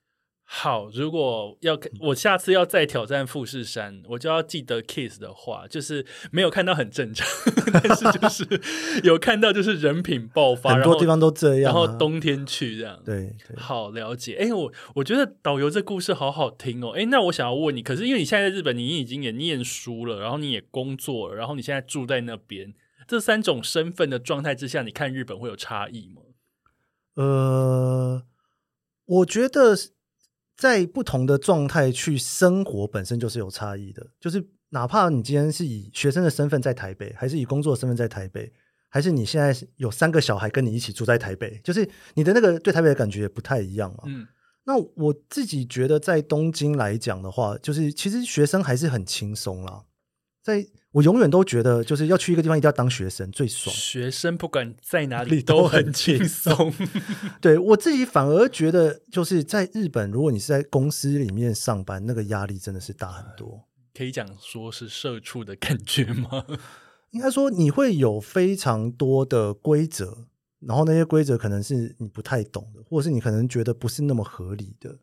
好，如果要我下次要再挑戰富士山，嗯、我就要記得 Kiss 的話，就是沒有看到很正常， 但是就是 有看到，就是人品爆發，很多地方都這樣、啊，然後，然後冬天去這樣，嗯、對，對好了解。哎、欸，我我覺得導遊這故事好好聽哦、喔。哎、欸，那我想要問你，可是因為你現在在日本，你已經也念書了，然後你也工作了，然後你現在住在那邊，這三種身份的狀態之下，你看日本會有差異嗎？呃，我覺得。在不同的狀態去生活本身就是有差異的，就是哪怕你今天是以學生的身份在台北，還是以工作的身份在台北，還是你現在有三個小孩跟你一起住在台北，就是你的那個對台北的感覺也不太一樣嘛。嗯，那我自己覺得在東京來講的話，就是其實學生還是很輕鬆啦，在。我永遠都覺得，就是要去一個地方，一定要當學生最爽。學生不管在哪裡都很輕鬆， 對，我自己反而覺得，就是在日本，如果你是在公司裡面上班，那個壓力真的是大很多。嗯，可以講說是社畜的感覺嗎？ 應該說你會有非常多的規則，然後那些規則可能是你不太懂的，或者是你可能覺得不是那麼合理的。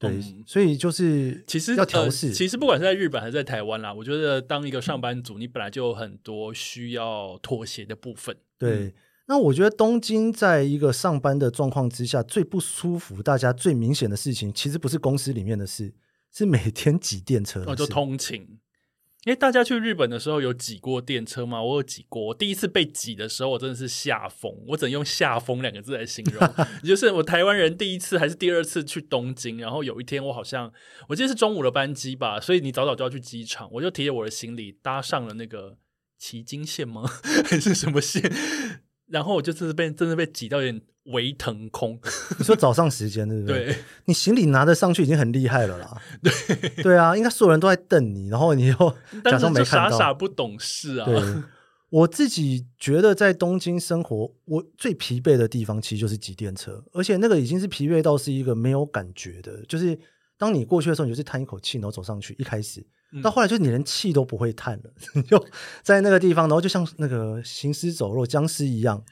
對，所以就是其實要調適。其實不管是在日本還是在台灣啦，我覺得當一個上班族，嗯、你本來就有很多需要妥協的部分。對，那我覺得東京在一個上班的狀況之下，最不舒服，大家最明顯的事情，其實不是公司裡面的事，是每天擠電車、啊、就通勤。因為大家去日本的時候有擠過電車嗎？我有擠過，我第一次被擠的時候，我真的是嚇瘋。我只能用嚇瘋兩個字來形容。 就是我台灣人第一次還是第二次去東京，然後有一天我好像我記得是中午的班機吧，所以你早早就要去機場。我就提着我的行李搭上了那個埼京線嗎？還是什麼線？然後我就是被真的被擠到有點胃疼，空。你說早上時間對不對？對。你行李拿得上去已經很厲害了啦。對對啊，應該所有人都在瞪你，然後你又假裝沒看到。但是傻傻不懂事啊！我自己覺得在東京生活，我最疲憊的地方其實就是擠電車，而且那個已經是疲憊到是一個沒有感覺的，就是當你過去的時候，你就是嘆一口氣，然後走上去。一開始。到後來，就是你連氣都不會嘆了，嗯、 就在那個地方，然後就像那個行屍走肉、殭屍一樣。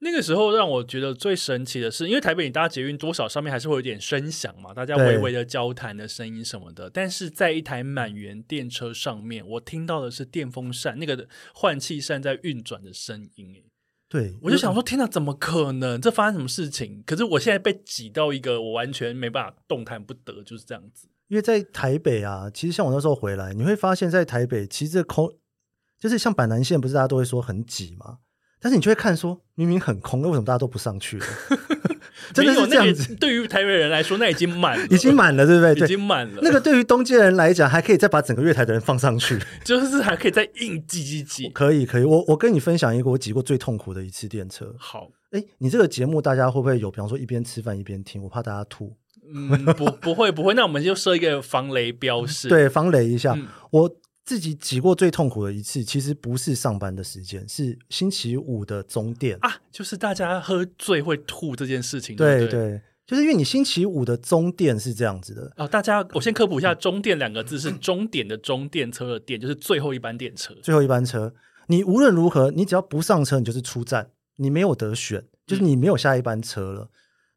那個時候讓我覺得最神奇的是，因為台北，你搭捷運多少上面還是會有點聲響嘛，大家微微的交談的聲音什麼的。對但是在一台滿員電車上面，我聽到的是電風扇那個換氣扇在運轉的聲音。對，我就想說，嗯、天吶、啊，怎麼可能？這發生什麼事情？可是我現在被擠到一個我完全沒辦法動彈不得，就是這樣子。因為在台北啊，其實像我那時候回來，你會發現在台北其實這空，就是像板南線，不是大家都會說很擠嘛？但是你就會看說，說明明很空，那為什麼大家都不上去了？ 真的有這樣子？那個、對於台北人來說，那已經滿，已經滿了，對不對？已經滿了。對 那個對於東京人來講，還可以再把整個月台的人放上去，就是還可以再硬擠擠擠。可以可以，我我跟你分享一個我擠過最痛苦的一次電車。好，哎、欸，你這個節目大家會不會有，比方說一邊吃飯一邊聽，我怕大家吐。嗯，不，不會，不會，那我們就設一個防雷標識， 對，防雷一下。嗯、我自己擠過最痛苦的一次，其實不是上班的時間，是星期五的終電啊，就是大家喝醉會吐這件事情。對對，對，對，就是因為你星期五的終電是這樣子的啊。哦。大家，我先科普一下，“終電”兩個字是終點的“終、電車”的“電”， 就是最後一班電車，最後一班車。你無論如何，你只要不上車，你就是出站，你沒有得選，嗯、就是你沒有下一班車了。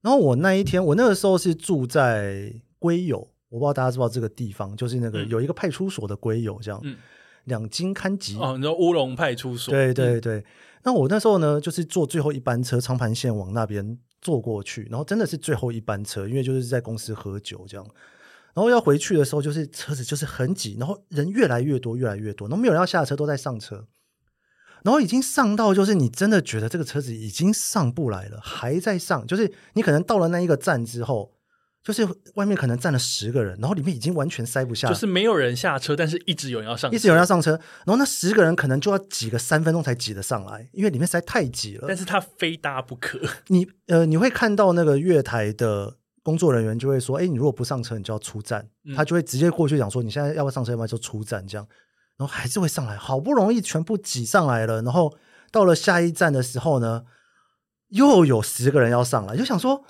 然後我那一天，我那個時候是住在龜有，我不知道大家知不知道這個地方，就是那個有一個派出所的龜有，這樣，嗯、兩津勘吉哦，你說烏龍派出所，對對對。對對對，那我那時候呢，就是坐最後一班車常磐線往那邊坐過去，然後真的是最後一班車，因為就是在公司喝酒這樣，然後要回去的時候，就是車子就是很擠，然後人越來越多越來越多，然後沒有人要下車，都在上車。然後已經上到，就是你真的覺得這個車子已經上不來了，還在上。就是你可能到了那一個站之後，就是外面可能站了十個人，然後裡面已經完全塞不下，就是沒有人下車，但是一直有人要上車，一直有人要上車。然後那十個人可能就要擠個三分鐘才擠得上來，因為裡面實在太擠了。但是他非搭不可。你呃，你會看到那個月台的工作人員就會說：“哎，你如果不上車，你就要出站。嗯”他就會直接過去講說：“你現在要不要上車？要不要就出站？”這樣。然後還是會上來，好不容易全部擠上來了，然後到了下一站的時候呢，又有十個人要上來，就想說，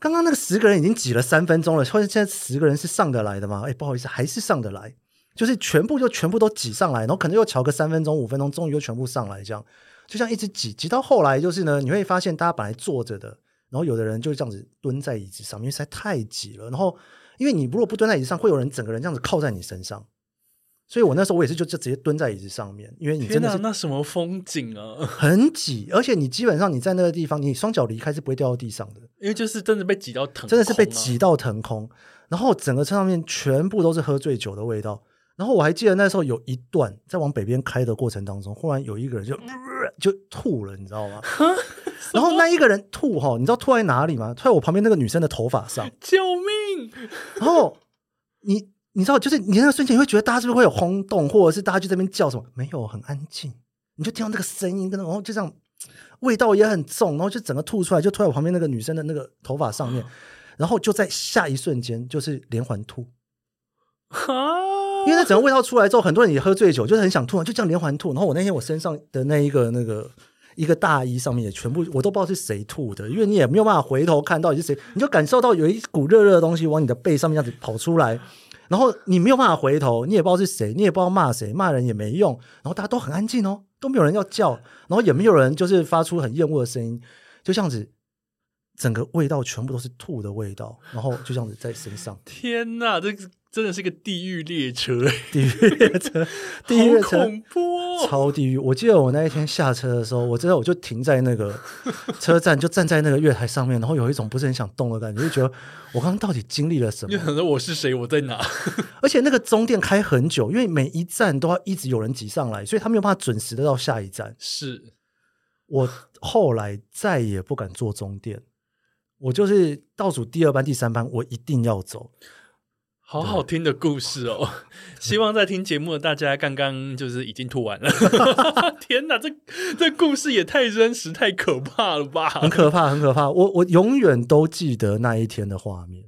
剛剛那個十個人已經擠了三分鐘了，或者現在十個人是上得來的嗎？哎、欸，不好意思，還是上得來，就是全部就全部都擠上來，然後可能又瞧個三分鐘、五分鐘，終於又全部上來，這樣就像一直擠，擠到後來就是呢，你會發現大家本來坐着的，然後有的人就這樣子蹲在椅子上面，因為實在太擠了，然後因為你如果不蹲在椅子上，會有人整個人這樣子靠在你身上。所以我那時候我也是就就直接蹲在椅子上面，因為你真的是、天啊、那什麼風景啊，很擠，而且你基本上你在那個地方，你雙腳離開是不會掉到地上的，因為就是真的被擠到騰、啊，真的是被擠到騰空。然後整個車上面全部都是喝醉酒的味道。然後我還記得那時候有一段在往北邊開的過程當中，忽然有一個人就 就吐了，你知道嗎？麼然後那一個人吐吼，你知道吐在哪裡嗎？吐在我旁邊那個女生的頭髮上，救命！然後你。 你知道，就是你那個瞬間，你會覺得大家是不是會有轟動，或者是大家就在那邊叫什麼？沒有，很安靜。你就聽到那個聲音，跟然後就這樣味道也很重，然後就整個吐出來，就吐在我旁邊那個女生的那個頭髮上面，然後就在下一瞬間就是連環吐、啊、因為那整個味道出來之後，很多人也喝醉酒，就是很想吐，就這樣連環吐。然後我那天我身上的那一個那個一個大衣上面也全部我都不知道是誰吐的，因為你也沒有辦法回頭看到底是誰，你就感受到有一股熱熱的東西往你的背上面這樣子跑出來。然後你沒有辦法回頭，你也不知道是誰，你也不知道罵誰，罵人也沒用。然後大家都很安靜哦，都沒有人要叫，然後也沒有人就是發出很厭惡的聲音，就這樣子，整個味道全部都是吐的味道，然後就這樣子在身上。 天哪，這個！真的是個地獄列,列車， 地獄列車，好恐怖哦，超地獄。我記得我那一天下車的時候，我知道我就停在那個車站，就站在那個月台上面，然後有一種不是很想動的感覺，就覺得我剛剛到底經歷了什麼了？我是誰？我在哪？ 而且那個終電開很久，因為每一站都要一直有人擠上來，所以他們沒有辦法準時的到下一站。是我後來再也不敢坐終電，我就是倒數第二班、第三班，我一定要走。好好聽的故事哦，對希望在聽節目的大家剛剛就是已經吐完了。 天哪， 這這故事也太真實、太可怕了吧！很可怕，很可怕。我我永遠都記得那一天的畫面。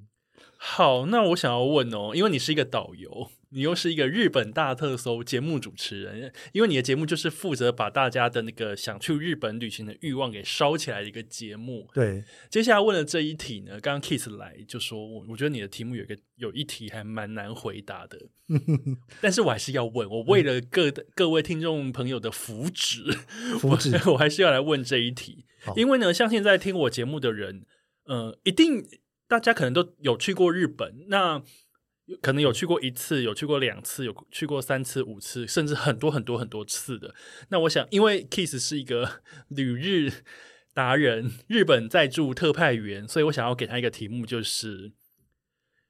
好，那我想要問哦，因為你是一個導遊。你又是一個日本大特搜節目主持人，因為你的節目就是負責把大家的那個想去日本旅行的慾望給燒起來的一個節目。對，接下來問了這一題呢，剛剛 Keith 來就說，我我覺得你的題目有一個有一題還蠻難回答的， 但是我還是要問，我為了各、嗯、各位聽眾朋友的福祉，福祉我，我還是要來問這一題，好因為呢，像現在聽我節目的人，嗯、呃，一定大家可能都有去過日本，那。可能有去過一次，有去過兩次，有去過三次、五次，甚至很多很多很多次的。那我想，因為 Keith 是一個旅日達人、日本在住特派員，所以我想要給他一個題目，就是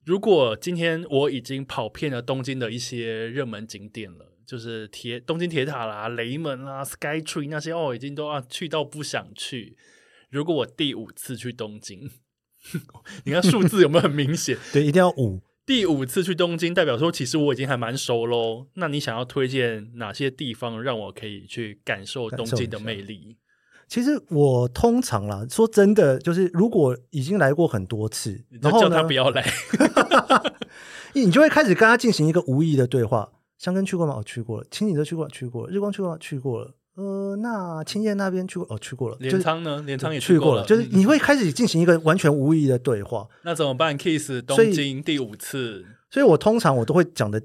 如果今天我已經跑遍了東京的一些熱門景點了，就是鐵東京鐵塔啦、雷門啦、Sky Tree 那些哦，已經都啊去到不想去。如果我第五次去東京，哼，你看數字有沒有很明顯？ 對，一定要五。第五次去東京，代表說其實我已經還蠻熟嘍。那你想要推薦哪些地方讓我可以去感受東京的魅力？其實我通常啦，說真的，就是如果已經來過很多次，然後叫他不要來，你就會開始跟他進行一個無意的對話。箱根去過嗎？我、哦、去過了，輕井澤去過了去過了，日光去過去過了。呃，那青葉那邊去過哦，去過了。鎌倉呢？鎌倉、就是、也去過了。過了你就是你會開始進行一個完全無意義的對話，那怎麼辦？Kiss 東京第五次所。所以我通常我都會講的，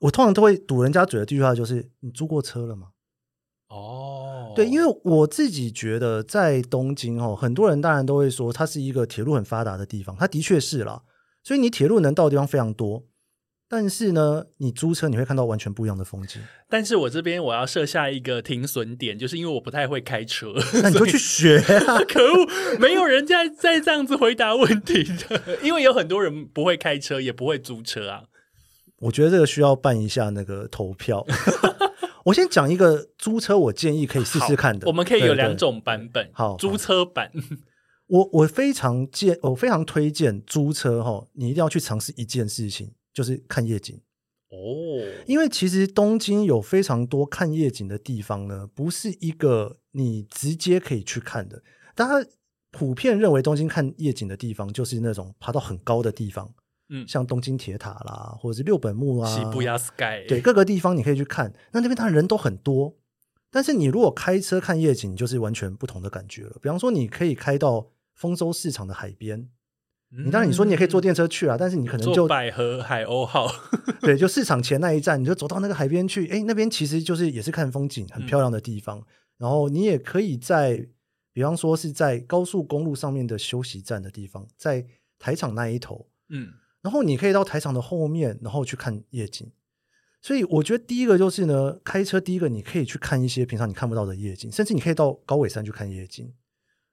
我通常都會堵人家嘴的這句話就是：你租過車了嗎？哦，對，因為我自己覺得在東京哦，很多人當然都會說它是一個鐵路很發達的地方，它的確是啦，所以你鐵路能到的地方非常多。但是呢，你租車你會看到完全不一樣的風景。但是我這邊我要設下一個停損點，就是因為我不太會開車。那你就去學啊！所以 可惡， 沒有人在再這樣子回答問題的， 因為有很多人不會開車，也不會租車啊。我覺得這個需要辦一下那個投票。 我先講一個租車，我建議可以試試看的。我們可以有兩種版本，對對好，好，租車版。 我我非常建，我非常推薦租車哈、哦，你一定要去嘗試一件事情。就是看夜景哦，因為其實東京有非常多看夜景的地方呢，不是一個你直接可以去看的。大家普遍認為東京看夜景的地方就是那種爬到很高的地方，嗯，像東京鐵塔啦，或者是六本木啊，澀谷 Sky，對，各個地方你可以去看。那那邊它人都很多，但是你如果開車看夜景，就是完全不同的感覺了。比方說，你可以開到豐洲市場的海邊。你當然，你說你也可以坐電車去啊，嗯、但是你可能就坐百合海鷗號， 對，就市場前那一站，你就走到那個海邊去，哎、欸，那邊其實就是也是看風景很漂亮的地方。嗯、然後你也可以在，比方說是在高速公路上面的休息站的地方，在台場那一頭，嗯，然後你可以到台場的後面，然後去看夜景。所以我覺得第一個就是呢，開車第一個你可以去看一些平常你看不到的夜景，甚至你可以到高尾山去看夜景。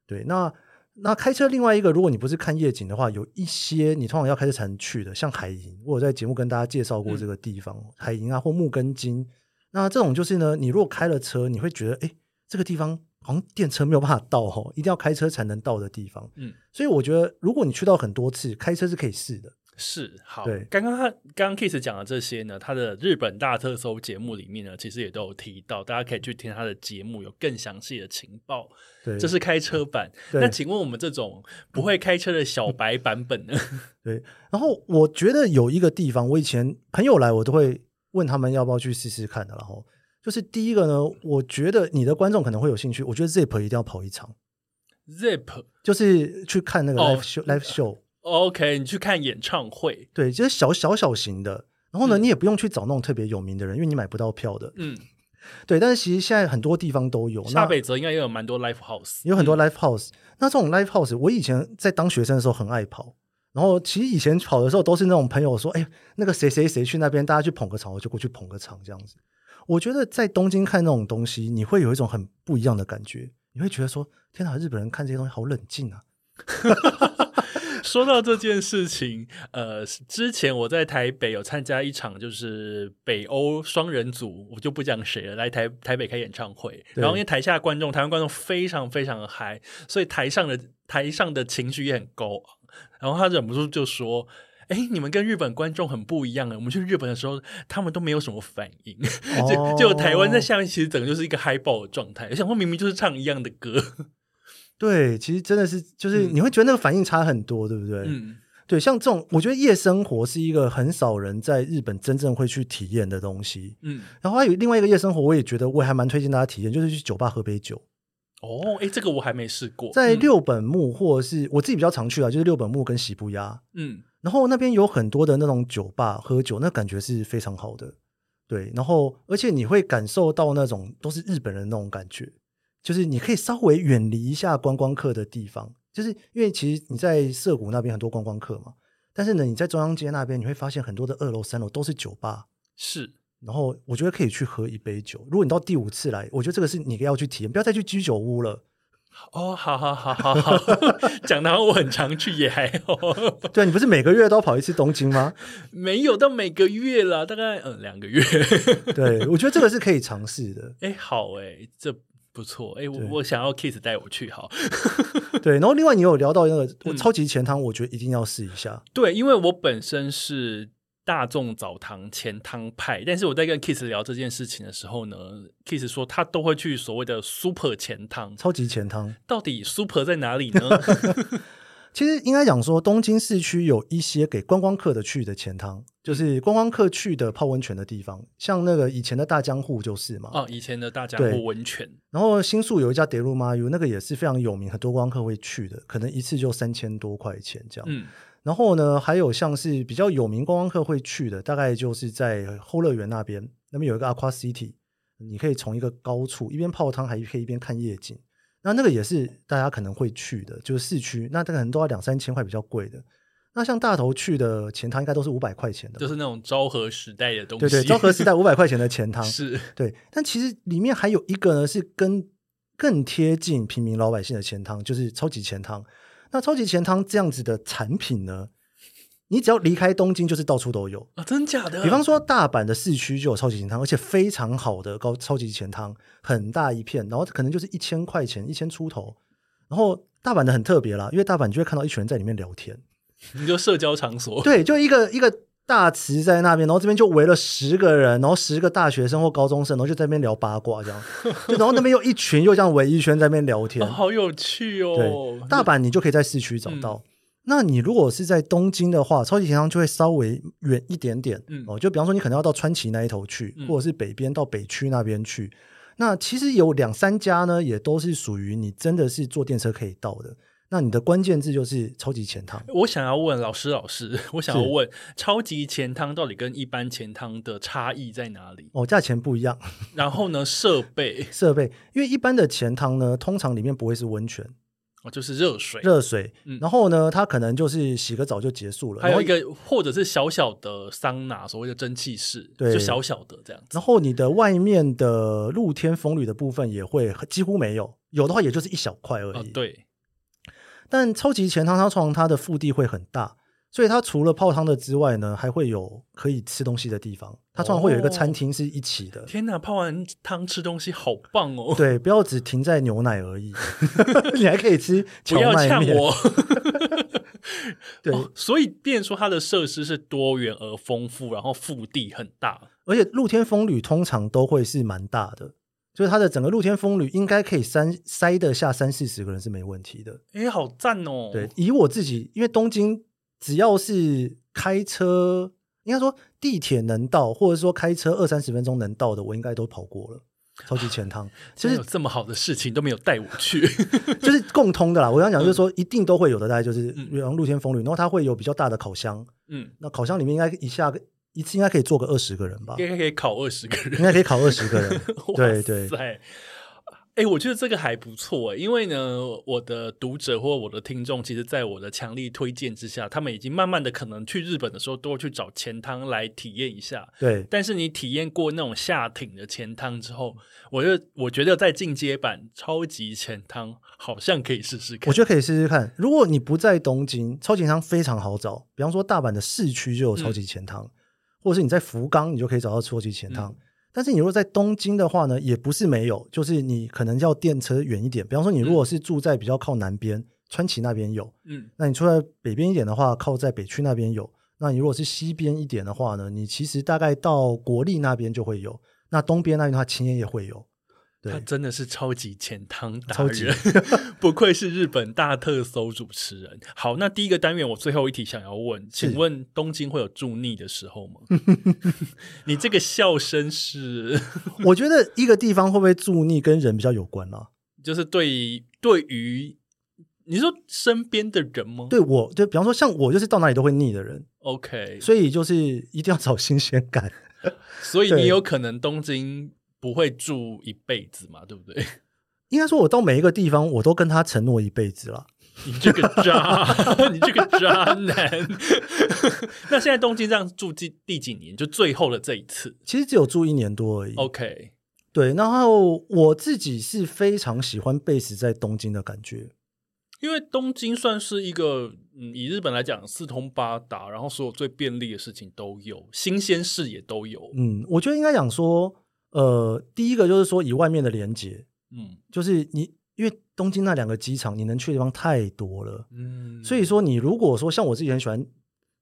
對，那。那開車另外一個，如果你不是看夜景的話，有一些你通常要開車才能去的，像海螢，我有在節目跟大家介紹過這個地方，嗯、海螢啊或木更津，那這種就是呢，你如果開了車，你會覺得，哎、欸，這個地方好像電車沒有辦法到哦，一定要開車才能到的地方。嗯，所以我覺得，如果你去到很多次，開車是可以試的。是，好，對剛剛他剛剛 Keith 講的這些呢，他的日本大特搜節目裡面呢，其實也都有提到，大家可以去聽他的節目，有更詳細的情報。對，這是開車版。對那請問我們這種不會開車的小白版本呢？對，對。然後我覺得有一個地方，我以前朋友來，我都會問他們要不要去試試看的。然後就是第一個呢，我覺得你的觀眾可能會有興趣，我覺得 Zip 一定要跑一場。Zip 就是去看那個 live show, oh, yeah. live show，live show。OK，你去看演唱會，對，就是小小小型的。然後呢，嗯、你也不用去找那種特別有名的人，因為你買不到票的。嗯，對。但是其實現在很多地方都有，下北澤應該也有蠻多 live house，有很多 live house。嗯、那這種 live house，我以前在當學生的時候很愛跑。然後其實以前跑的時候都是那種朋友說：“哎，那個誰誰誰去那邊，大家去捧個場，我就過去捧個場。”這樣子。我覺得在東京看這種東西，你會有一種很不一樣的感覺。你會覺得說：“天哪，日本人看這些東西好冷靜啊。” 說到這件事情，呃，之前我在台北有參加一場，就是北歐雙人組，我就不講誰了，來台台北開演唱會。對然後因為台下的觀眾、台灣觀眾非常非常嗨，所以台上的台上的情緒也很高昂。然後他忍不住就說：“哎，你們跟日本觀眾很不一樣了。我們去日本的時候，他們都沒有什麼反應。哦、 就就台灣在下面，其實整個就是一個嗨爆的狀態。我想說，明明就是唱一樣的歌。”對，其實真的是，就是你會覺得那個反應差很多，嗯、對不對？嗯，對，像這種，我覺得夜生活是一個很少人在日本真正會去體驗的東西。嗯，然後還有另外一個夜生活，我也覺得我還蠻推薦大家體驗，就是去酒吧喝杯酒。哦誒，這個我還沒試過，在六本木或是、嗯、我自己比較常去啊，就是六本木跟澀谷。嗯，然後那邊有很多的那種酒吧喝酒，那感覺是非常好的。對，然後而且你會感受到那種都是日本人的那種感覺。就是你可以稍微遠離一下觀光客的地方，就是因為其實你在澀谷那邊很多觀光客嘛，但是呢，你在中央街那邊你會發現很多的二樓三樓都是酒吧，是。然後我覺得可以去喝一杯酒，如果你到第五次來，我覺得這個是你要去體驗，不要再去居酒屋了。哦，好好好好好。 講到我很常去，也還好。 對，你不是每個月都要跑一次東京嗎？ 沒有，到每個月了，大概嗯，兩個月。 對，我覺得這個是可以嘗試的。哎，好哎、欸，這。不錯，欸、我對我想要 Kiss 帶我去，好 對，然後另外你有聊到那個超級錢湯，我覺得一定要試一下、嗯。對，因為我本身是大眾澡堂、錢湯派，但是我在跟 Kiss 聊這件事情的時候呢，Kiss 說他都會去所謂的 super 錢湯，超級錢湯到底 super 在哪裡呢？ 其實應該講說，東京市區有一些給觀光客的去的錢湯，嗯、就是觀光客去的泡溫泉的地方，像那個以前的大江戶就是嘛。啊、哦，以前的大江戶溫對泉。然後新宿有一家德路麻油，那個也是非常有名，很多觀光客會去的，可能一次就三千多塊錢這樣。嗯、然後呢，還有像是比較有名觀光客會去的，大概就是在後樂園那邊，那邊有一個 Aqua City，你可以從一個高處一邊泡湯，還可以一邊看夜景。那那個也是大家可能會去的，就是市區，那這個可能都要兩三千塊比較貴的。那像大頭去的錢湯應該都是五百塊錢的，就是那種昭和時代的東西。對對對，對昭和時代五百塊錢的錢湯 是對。但其實裡面還有一個呢，是跟更貼近平民老百姓的錢湯，就是超級錢湯。那超級錢湯這樣子的產品呢？你只要離開東京，就是到處都有啊！真的假的？比方說大阪的市區就有超級錢湯，而且非常好的高超級錢湯，很大一片，然後可能就是一千塊錢，一千出頭。然後大阪的很特別啦，因為大阪你就會看到一群人在裡面聊天，你就社交場所。對，就一個一個大池在那邊，然後這邊就圍了十個人，然後十個大學生或高中生，然後就在那邊聊八卦，這樣。 然後那邊又一群又這樣圍一圈在那邊聊天。哦，好有趣哦。對，大阪你就可以在市區找到。嗯那你如果是在東京的話，超級錢湯，就會稍微遠一點點、嗯、哦。就比方說，你可能要到川崎那一頭去，嗯、或者是北邊到北區那邊去。那其實有兩三家呢，也都是屬於你真的是坐電車可以到的。那你的關鍵字就是超級錢湯。我想要問老師，老師，我想要問是超級錢湯到底跟一般錢湯的差異在哪裡？哦，價錢不一樣。然後呢，設備設備，因為一般的錢湯呢，通常裡面不會是溫泉。哦，就是熱水，熱水，嗯，然後呢，嗯、它可能就是洗個澡就結束了。還有一個，或者是小小的桑拿，所謂的蒸汽室，對，就小小的這樣子。然後你的外面的露天風呂的部分也會幾乎沒有，有的話也就是一小塊而已。嗯啊、對，但超級錢，湯湯床它的腹地會很大。所以它除了泡湯的之外呢，還會有可以吃東西的地方。它通常會有一個餐廳是一起的。哦。天哪，泡完湯吃東西好棒哦！對，不要只停在牛奶而已， 你還可以吃蕎麥麵。我 對、哦，所以變說它的設施是多元而豐富，然後腹地很大，而且露天風呂通常都會是蠻大的，就是它的整個露天風呂應該可以塞塞得下三四十個人是沒問題的。誒、欸、好讚哦！對，以我自己因為東京。只要是開車，應該說地鐵能到，或者是說開車二三十分鐘能到的，我應該都跑過了。超級錢湯，其實唉、就是、這麼好的事情都沒有帶我去， 就是共通的啦。我想講就是說，一定都會有的，大概就是然露天風呂、嗯、然後它會有比較大的烤箱。嗯，那烤箱裡面應該一下一次應該可以坐個二十個人吧？應該可以烤二十個人，應該可以烤二十個人。對對。哎、欸，我覺得這個還不錯，因為呢，我的讀者或我的聽眾，其實，在我的強力推薦之下，他們已經慢慢的可能去日本的時候，都會去找錢湯來體驗一下。對。但是你體驗過那種下町的錢湯之後，我就我覺得在進階版超級錢湯，好像可以試試看。我覺得可以試試看。如果你不在東京，超級錢湯非常好找。比方說，大阪的市區就有超級錢湯，嗯、或者是你在福岡，你就可以找到超級錢湯。嗯但是你如果在東京的話呢，也不是沒有，就是你可能要電車遠一點。比方說，你如果是住在比較靠南邊，嗯、川崎那邊有，嗯，那你出來北邊一點的話，靠在北區那邊有，那你如果是西邊一點的話呢，你其實大概到國立那邊就會有，那東邊那邊的話，青年也會有。他真的是超級錢湯達人，超級 不愧是日本大特搜主持人。好，那第一個單元，我最後一題想要問，請問東京會有住膩的時候嗎？是 你這個笑聲是？ 我覺得一個地方會不會住膩，跟人比較有關啊？就是對於對於你說身邊的人嗎？對，我就比方說，像我就是到哪裡都會膩的人。OK，所以就是一定要找新鮮感。所以你有可能東京。 不會住一輩子嘛，對不對？應該說，我到每一個地方，我都跟他承諾一輩子了。 你這個渣，你這個渣男。 那現在東京這樣住第幾，幾年，就最後的這一次，其實只有住一年多而已。OK，對。然後我自己是非常喜歡 base 在東京的感覺，因為東京算是一個，嗯，以日本來講，四通八達，然後所有最便利的事情都有，新鮮事也都有。嗯，我覺得應該講說。呃，第一個就是說以外面的連接，嗯，就是你因為東京那兩個機場，你能去的地方太多了，嗯，所以說你如果說像我之前喜歡，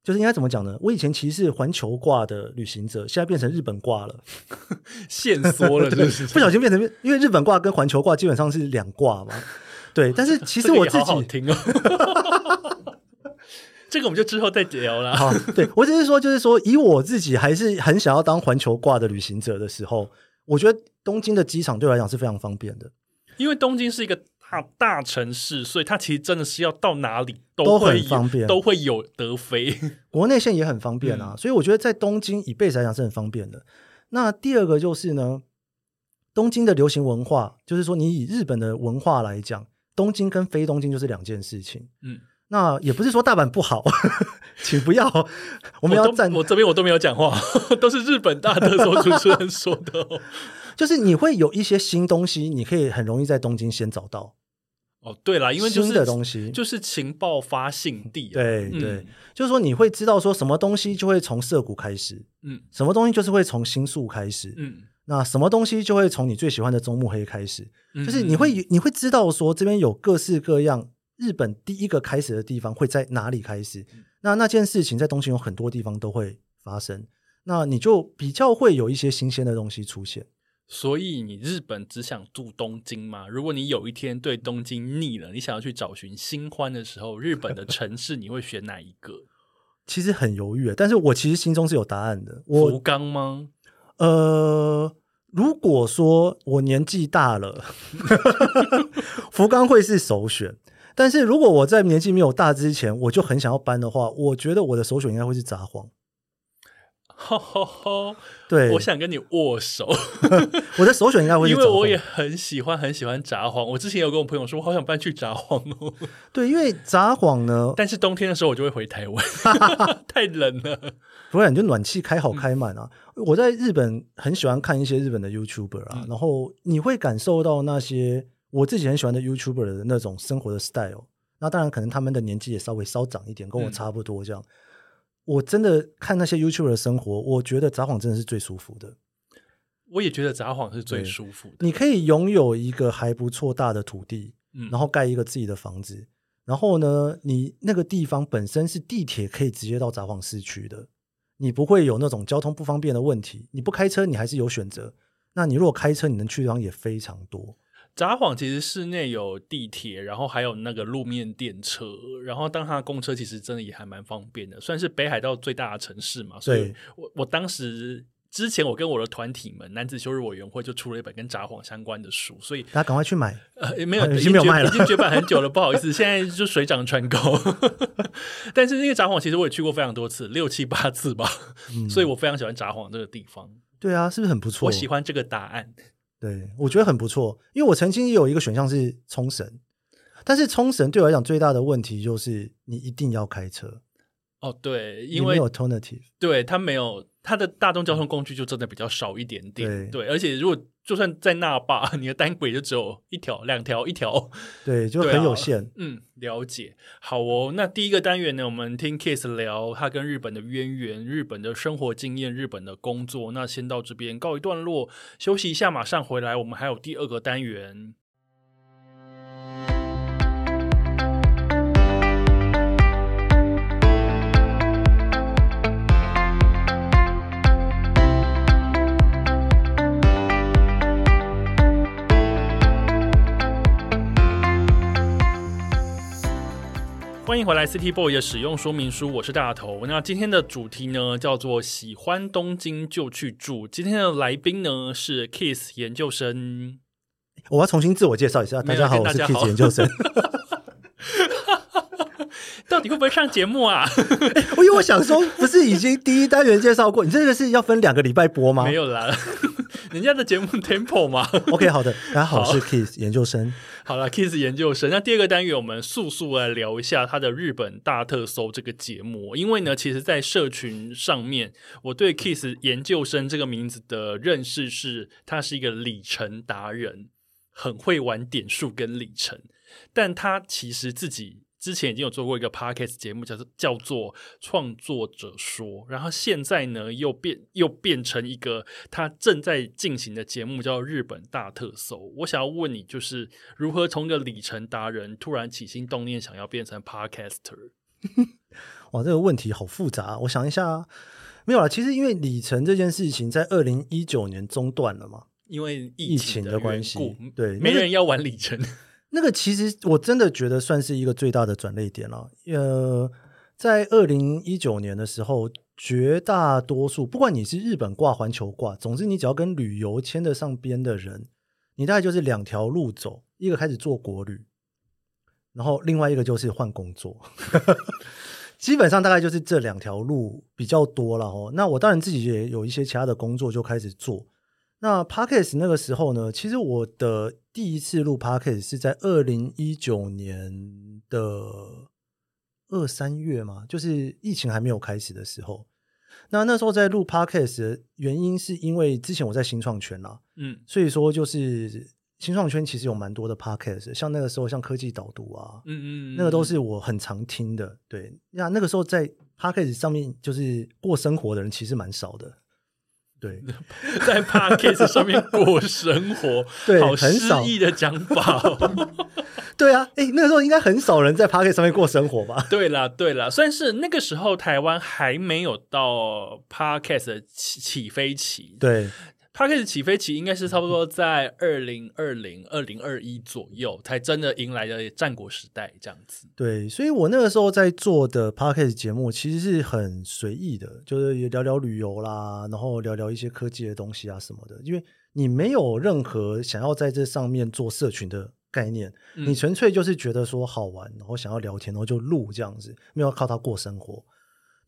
就是應該怎麼講呢？我以前其實是環球掛的旅行者，現在變成日本掛了，限縮 了就是 對 不小心變成，因為日本掛跟環球掛基本上是兩掛嘛， 對，但是其實我自己。 這個我們就之後再聊了。哈，對，我只是說，就是說，以我自己還是很想要當環球掛的旅行者的時候，我覺得東京的機場對我來講是非常方便的，因為東京是一個大大城市，所以它其實真的是要到哪裡都會，都很方便，都會有得飛，國內線也很方便啊。嗯、所以我覺得在東京一輩子來講是很方便的。那第二個就是呢，東京的流行文化，就是說你以日本的文化來講，東京跟非東京就是兩件事情。嗯。那也不是說大阪不好， 請不要，我們要站我，我這邊，我都沒有講話， 都是日本大特搜主持人說的喔。 就是你會有一些新東西，你可以很容易在東京先找到。哦，對啦，因為、就是、新的東西就是情報發信地、啊對，對對，嗯、就是說你會知道說什麼東西就會從澀谷開始，嗯，什麼東西就是會從新宿開始，嗯，那什麼東西就會從你最喜歡的中目黑開始，嗯、就是你會你會知道說這邊有各式各樣。日本第一個開始的地方會在哪裡開始？那那件事情在東京有很多地方都會發生，那你就比較會有一些新鮮的東西出現。所以你日本只想住東京嗎？如果你有一天對東京膩了，你想要去找尋新歡的時候，日本的城市你會選哪一個？ 其實很猶豫，但是我其實心中是有答案的。我，福岡嗎？呃，如果說我年紀大了， 福岡會是首選。但是如果我在年紀沒有大之前，我就很想要搬的話，我覺得我的首選應該會是札幌。哈哈哈，對，我想跟你握手。 我的首選應該會是因為我也很喜歡很喜歡札幌。我之前有跟我朋友說，我好想搬去札幌哦。對，因為札幌呢，但是冬天的時候我就會回台灣， 太冷了。不然你就暖氣開好開滿啊。嗯、我在日本很喜歡看一些日本的 YouTuber 啊，嗯、然後你會感受到那些。我自己很喜歡的 YouTuber 的那種生活的 style。那當然可能他們的年紀也稍微稍長一點，跟我差不多這樣。嗯、我真的看那些 YouTuber 的生活，我覺得札幌真的是最舒服的。我也覺得札幌是最舒服的。你可以擁有一個還不錯大的土地，嗯、然後蓋一個自己的房子，然後呢，你那個地方本身是地鐵可以直接到札幌市區的，你不會有那種交通不方便的問題。你不開車，你還是有選擇。那你如果開車，你能去的地方也非常多。札幌其實市內有地鐵，然後還有那個路面電車，然後當它的公車其實真的也還蠻方便的，算是北海道最大的城市嘛。對所以我我當時之前我跟我的團體們男子休日委員會就出了一本跟札幌相關的書，所以大家趕快去買。呃，沒有已經沒有賣了，已經絕版很久了， 不好意思，現在就水漲船高。 但是那個札幌其實我也去過非常多次，六七八次吧，嗯、所以我非常喜歡札幌這個地方。對啊，是不是很不錯？我喜歡這個答案。對，我覺得很不錯，因為我曾經也有一個選項是沖繩，但是沖繩對我來講最大的問題就是你一定要開車。哦，對，因為沒有 alternative，對，它沒有它的大眾交通工具就真的比較少一點點，對。對，而且如果。就算在那霸，你的單軌就只有一條、兩條、一條，對，就很有限啊。嗯，了解。好哦，那第一個單元呢，我們聽 Keith 聊他跟日本的淵源、日本的生活經驗、日本的工作。那先到這邊告一段落，休息一下，馬上回來。我們還有第二個單元。歡迎回來，City Boy 的使用說明書，我是大頭。那今天的主題呢，叫做“喜歡東京就去住”。今天的來賓呢，是 Keith 研究生。我要重新自我介紹一下，大家好，大家好，我是 Keith 研究生。 到底會不會上節目啊？因、 欸、為我想說，不是已經第一單元介紹過，你這個是要分兩個禮拜播嗎？ 沒有啦，人家的節目 tempo 嘛 ？OK，好的，大家好，好，我是 Keith 研究生。好了，KEITH 研究生，那第二個單元我們速速來聊一下他的日本大特搜這個節目，因為呢，其實，在社群上面，我對 KEITH 研究生這個名字的認識是，他是一個里程達人，很會玩點數跟里程，但他其實自己，之前已經有做過一個 Podcast 節目，叫做創作者說，然後現在呢又變又變成一個他正在進行的節目，叫日本大特搜。我想要問你，就是如何從一個里程達人突然起心動念，想要變成 Podcaster？哇，這個問題好複雜，我想一下、啊，沒有啦。其實因為里程這件事情在二零一九年中斷了嘛，因為疫情，疫情的關係，對，沒人要玩里程。是 那個其實我真的覺得算是一個最大的轉捩點了啊。呃，在二零一九年的時候，絕大多數不管你是日本掛、環球掛，總之你只要跟旅遊牽得上邊的人，你大概就是兩條路走：一個開始做國旅，然後另外一個就是換工作。呵呵，基本上大概就是這兩條路比較多了哦。那我當然自己也有一些其他的工作就開始做。那 Podcast 那個時候呢，其實我的第一次錄 Podcast 是在二零一九年的二三月嘛，就是疫情還沒有開始的時候。那那時候在錄 Podcast 的原因是因為之前我在新創圈啦，嗯，所以說就是新創圈其實有蠻多的 Podcast，像那個時候像科技導讀啊，嗯嗯，嗯嗯，那個都是我很常聽的。對，那那個時候在 Podcast 上面就是過生活的人其實蠻少的。對， 在 Podcast 上面過生活， 對好詩意的講法、哦。很少 對啊誒，那個時候應該很少人在 Podcast 上面過生活吧？對啦，對啦，算是那個時候台灣還沒有到 Podcast 的起起飛期。對。Podcast 起飛期應該是差不多在二零二零、二零二一左右，才真的迎來了戰國時代這樣子。對，所以我那個時候在做的 Podcast 節目其實是很隨意的，就是也聊聊旅遊啦，然後聊聊一些科技的東西啊什麼的。因為你沒有任何想要在這上面做社群的概念，嗯、你純粹就是覺得說好玩，然後想要聊天，然後就錄這樣子，沒有靠它過生活。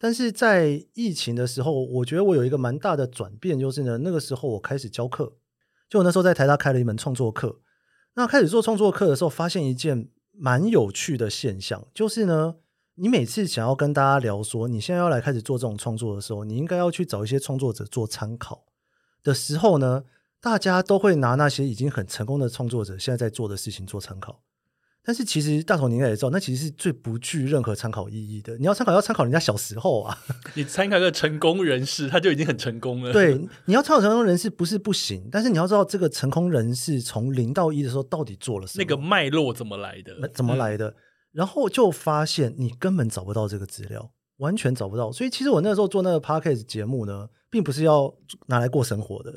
但是在疫情的時候，我覺得我有一個蠻大的轉變，就是呢，那個時候我開始教課，就我那時候在台大開了一門創作課。那開始做創作課的時候，發現一件蠻有趣的現象，就是呢，你每次想要跟大家聊說，你現在要來開始做這種創作的時候，你應該要去找一些創作者做參考的時候呢，大家都會拿那些已經很成功的創作者現在在做的事情做參考。但是其實大同你應該也知道，那其實是最不具任何參考意義的。你要參考，要參考人家小時候啊，你參考個成功人士，他就已經很成功了。對，你要參考成功人士不是不行，但是你要知道這個成功人士從零到一的時候到底做了什麼，那個脈絡怎麼來的，怎麼來的？嗯、然後就發現你根本找不到這個資料，完全找不到。所以其實我那個時候做那個 Podcast 節目呢，並不是要拿來過生活的，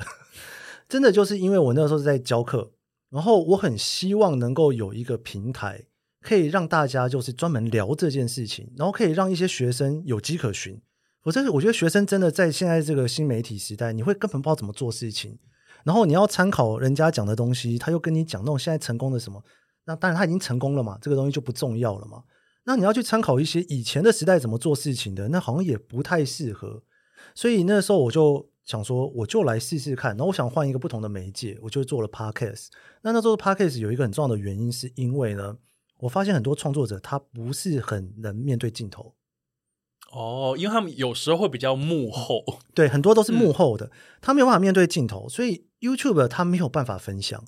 真的就是因為我那個時候是在教課。然後我很希望能夠有一個平台，可以讓大家就是專門聊這件事情，然後可以讓一些學生有跡可循。我這個我覺得學生真的在現在這個新媒體時代，你會根本不知道怎麼做事情，然後你要參考人家講的東西，他又跟你講那種現在成功的什麼，那當然他已經成功了嘛，這個東西就不重要了嘛。那你要去參考一些以前的時代怎麼做事情的，那好像也不太適合。所以那時候我就。想說我就來試試看，然後我想換一個不同的媒介，我就做了 podcast。那那做的 podcast 有一個很重要的原因，是因為呢，我發現很多創作者他不是很能面對鏡頭。哦，因為他們有時候會比較幕後，對，很多都是幕後的，嗯、他沒有辦法面對鏡頭，所以 YouTube 他沒有辦法分享。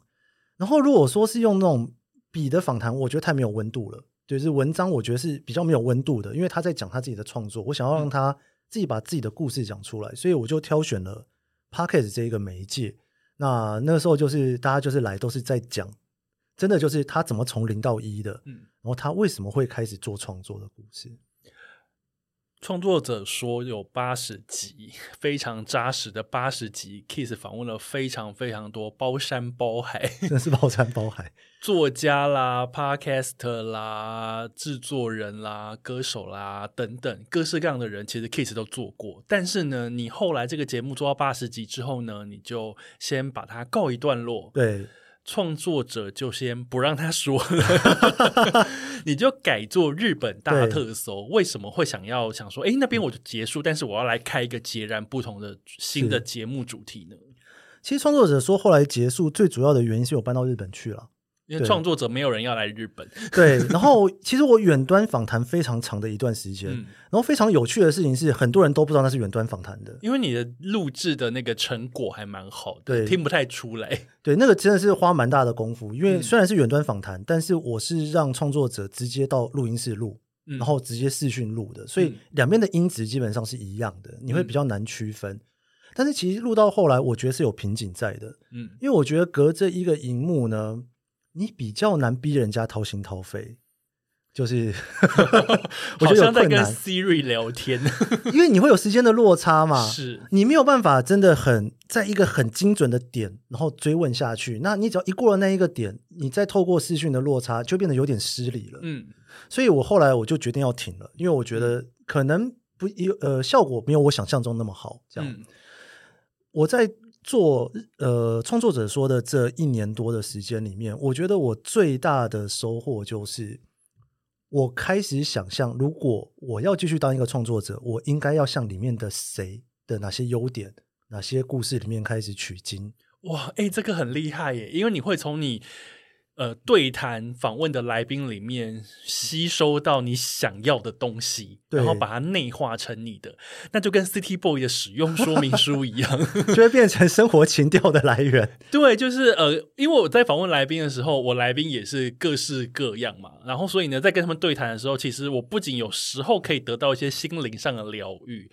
然後如果說是用那種筆的訪談，我覺得太沒有溫度了。對，是文章，我覺得是比較沒有溫度的，因為他在講他自己的創作，我想要讓他、嗯。自己把自己的故事講出來，所以我就挑選了 Podcast 這一個媒介。那那個時候就是大家就是來都是在講，真的就是他怎麼從零到一的，嗯，然後他為什麼會開始做創作的故事。創作者說有八十集，非常扎實的八十集，Keith 訪問了非常非常多，包山包海， 真的是包山包海。作家啦、podcast 啦、製作人啦、歌手啦等等各式各樣的人，其實 case 都做過。但是呢，你後來這個節目做到八十集之後呢，你就先把它告一段落。對，創作者就先不讓他說， 你就改做日本大特搜。對為什麼會想要想說，誒、欸，那邊我就結束，嗯、但是我要來開一個截然不同的新的節目主題呢？其實創作者說後來結束最主要的原因是我搬到日本去了。因為創作者沒有人要來日本，對， 對。然後其實我遠端訪談非常長的一段時間，嗯、然後非常有趣的事情是，很多人都不知道那是遠端訪談的，因為你的錄制的那個成果還蠻好的，對，聽不太出來。對，那個真的是花蠻大的功夫，因為雖然是遠端訪談，嗯、但是我是讓創作者直接到錄音室錄，然後直接視訊錄的，嗯、所以兩邊的音質基本上是一樣的，你會比較難區分。嗯、但是其實錄到後來，我覺得是有瓶頸在的，嗯，因為我覺得隔着一個熒幕呢。你比較難逼人家掏心掏肺，就是， 我覺得有困難，好像在跟 Siri 聊天， 因為你會有時間的落差嘛，是你沒有辦法真的很在一個很精準的點，然後追問下去。那你只要一過了那一個點，你再透過視訊的落差，就變得有點失禮了。嗯，所以我後來我就決定要停了，因為我覺得可能不有呃效果沒有我想象中那麼好。這樣，我在、嗯。做呃創作者說的這一年多的時間裡面，我覺得我最大的收穫就是，我開始想象，如果我要繼續當一個創作者，我應該要向裡面的誰的哪些優點、哪些故事裡面開始取經。哇，誒，這個很厲害耶，因為你會從你。呃，對談訪問的來賓裡面，吸收到你想要的東西，對然後把它內化成你的，那就跟 City Boy 的使用說明書一樣， 就會變成生活情調的來源。對，就是呃，因為我在訪問來賓的時候，我來賓也是各式各樣嘛，然後所以呢，在跟他們對談的時候，其實我不僅有時候可以得到一些心靈上的療癒。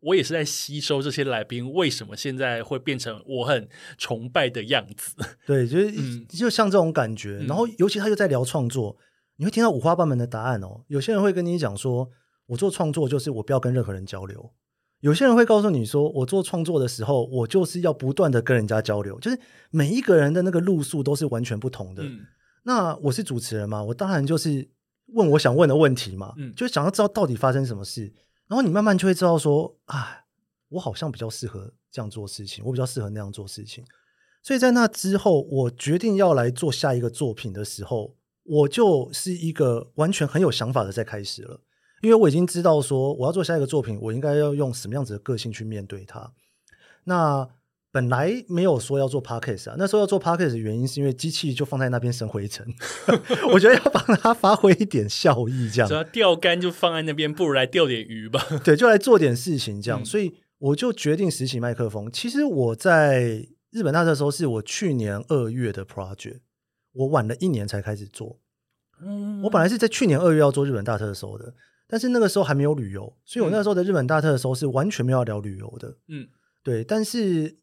我也是在吸收這些來賓為什麼現在會變成我很崇拜的樣子。 對，就是就像這種感覺。嗯、然後，尤其他又在聊創作，嗯、你會聽到五花八門的答案哦、喔。有些人會跟你講說，我做創作就是我不要跟任何人交流；有些人會告訴你說，我做創作的時候，我就是要不斷的跟人家交流。就是每一個人的那個路數都是完全不同的。嗯、那我是主持人嘛，我當然就是問我想問的問題嘛，嗯、就是想要知道到底發生什麼事。然後你慢慢就會知道說啊，我好像比較適合這樣做事情，我比較適合那樣做事情。所以在那之後，我決定要來做下一個作品的時候，我就是一個完全很有想法的在開始了，因為我已經知道說我要做下一個作品，我應該要用什麼樣子的個性去面對它。那。本來沒有說要做 podcast 啊，那時候要做 podcast 的原因是因為機器就放在那邊生灰塵， 我覺得要幫他發揮一點效益，這樣。只要釣竿就放在那邊，不如來釣點魚吧。 對，就來做點事情這樣，嗯、所以我就決定拾起麥克風。其實我在日本大特搜的時候，是我去年二月的 project，我晚了一年才開始做。嗯，我本來是在去年二月要做日本大特搜的時候的，但是那個時候還沒有旅遊，所以我那時候在日本大特搜的時候是完全沒有要聊旅遊的。嗯，對，但是。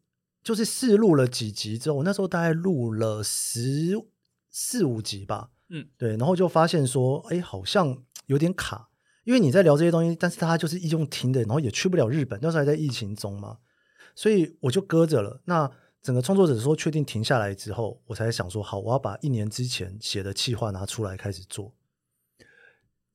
就是試錄了幾集之後，我那時候大概錄了十四五集吧，嗯，對，然後就發現說，哎、欸，好像有點卡，因為你在聊這些東西，但是他就是一種停的，然後也去不了日本，那時候還在疫情中嘛，所以我就擱着了。那整個創作者說確定停下來之後，我才想說，好，我要把一年之前寫的企劃拿出來開始做。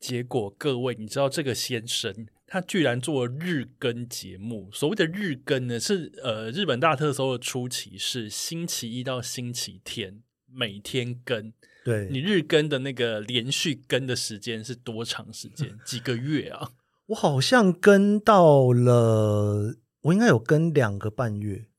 結果各位，你知道這個先生。他居然做了日更節目。所謂的日更呢，是呃，日本大特搜的初期是星期一到星期天，每天更。對。你日更的那個連續更的時間是多長時間？ 幾個月啊？我好像更到了，我應該有更兩個半月。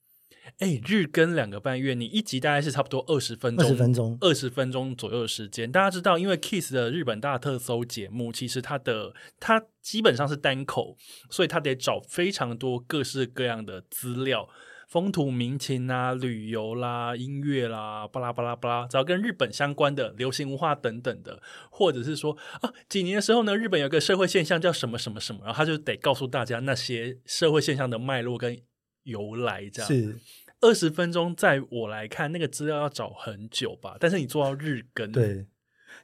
哎、欸，日更兩個半月，你一集大概是差不多二十分鐘，二十分鐘，二十分鐘左右的時間。大家知道，因為 KEITH 的日本大特搜節目，其實它的它基本上是單口，所以他得找非常多各式各樣的資料，風土民情啊、旅遊啦、音樂啦、巴拉巴拉巴拉，找跟日本相關的流行文化等等的，或者是說啊，幾年的時候呢，日本有個社會現象叫什麼什麼什麼，然後他就得告訴大家那些社會現象的脈絡跟由來，這樣是。二十分鐘，在我來看，那個資料要找很久吧。但是你做到日更，對，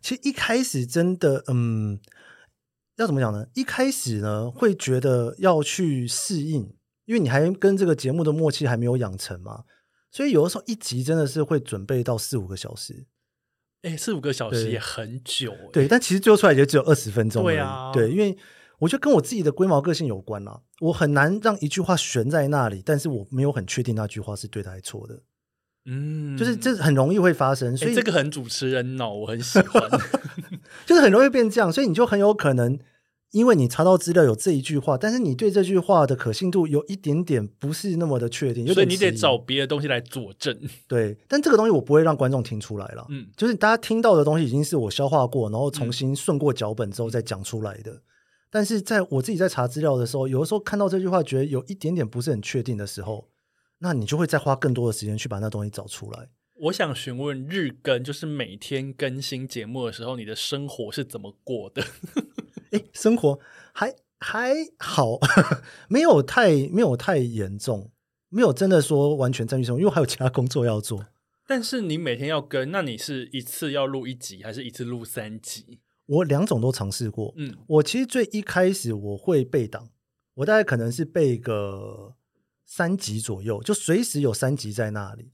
其實一開始真的，嗯，要怎麼講呢？一開始呢，會覺得要去適應，因為你還跟這個節目的默契還沒有養成嘛。所以有的時候一集真的是會準備到四五個小時。誒、欸，四五個小時也很久欸。對，對。但其實做出來也只有二十分鐘，對啊，對，因為。我覺得跟我自己的龜毛個性有關啦，我很難讓一句話懸在那裡，但是我沒有很確定那句話是對的還是錯的。嗯，就是這很容易會發生，所以、欸、這個很主持人腦、哦，我很喜歡， 就是很容易變這樣，所以你就很有可能因為你查到資料有這一句話，但是你對這句話的可信度有一點點不是那麼的確定，所以你得找別的東西來佐證。對，但這個東西我不會讓觀眾聽出來了。嗯，就是大家聽到的東西已經是我消化過，然後重新順過腳本之後再講出來的。嗯但是在我自己在查資料的時候，有的時候看到這句話，覺得有一點點不是很確定的時候，那你就會再花更多的時間去把那東西找出來。我想詢問日更，就是每天更新節目的時候，你的生活是怎麼過的？誒、 欸，生活還還好 沒，沒有太沒有太嚴重，沒有真的說完全佔據生活，因為還有其他工作要做。但是你每天要更，那你是一次要錄一集，還是一次錄三集？我兩種都嘗試過，嗯，我其實最一開始我會背檔，我大概可能是背個三集左右，就隨時有三集在那裡。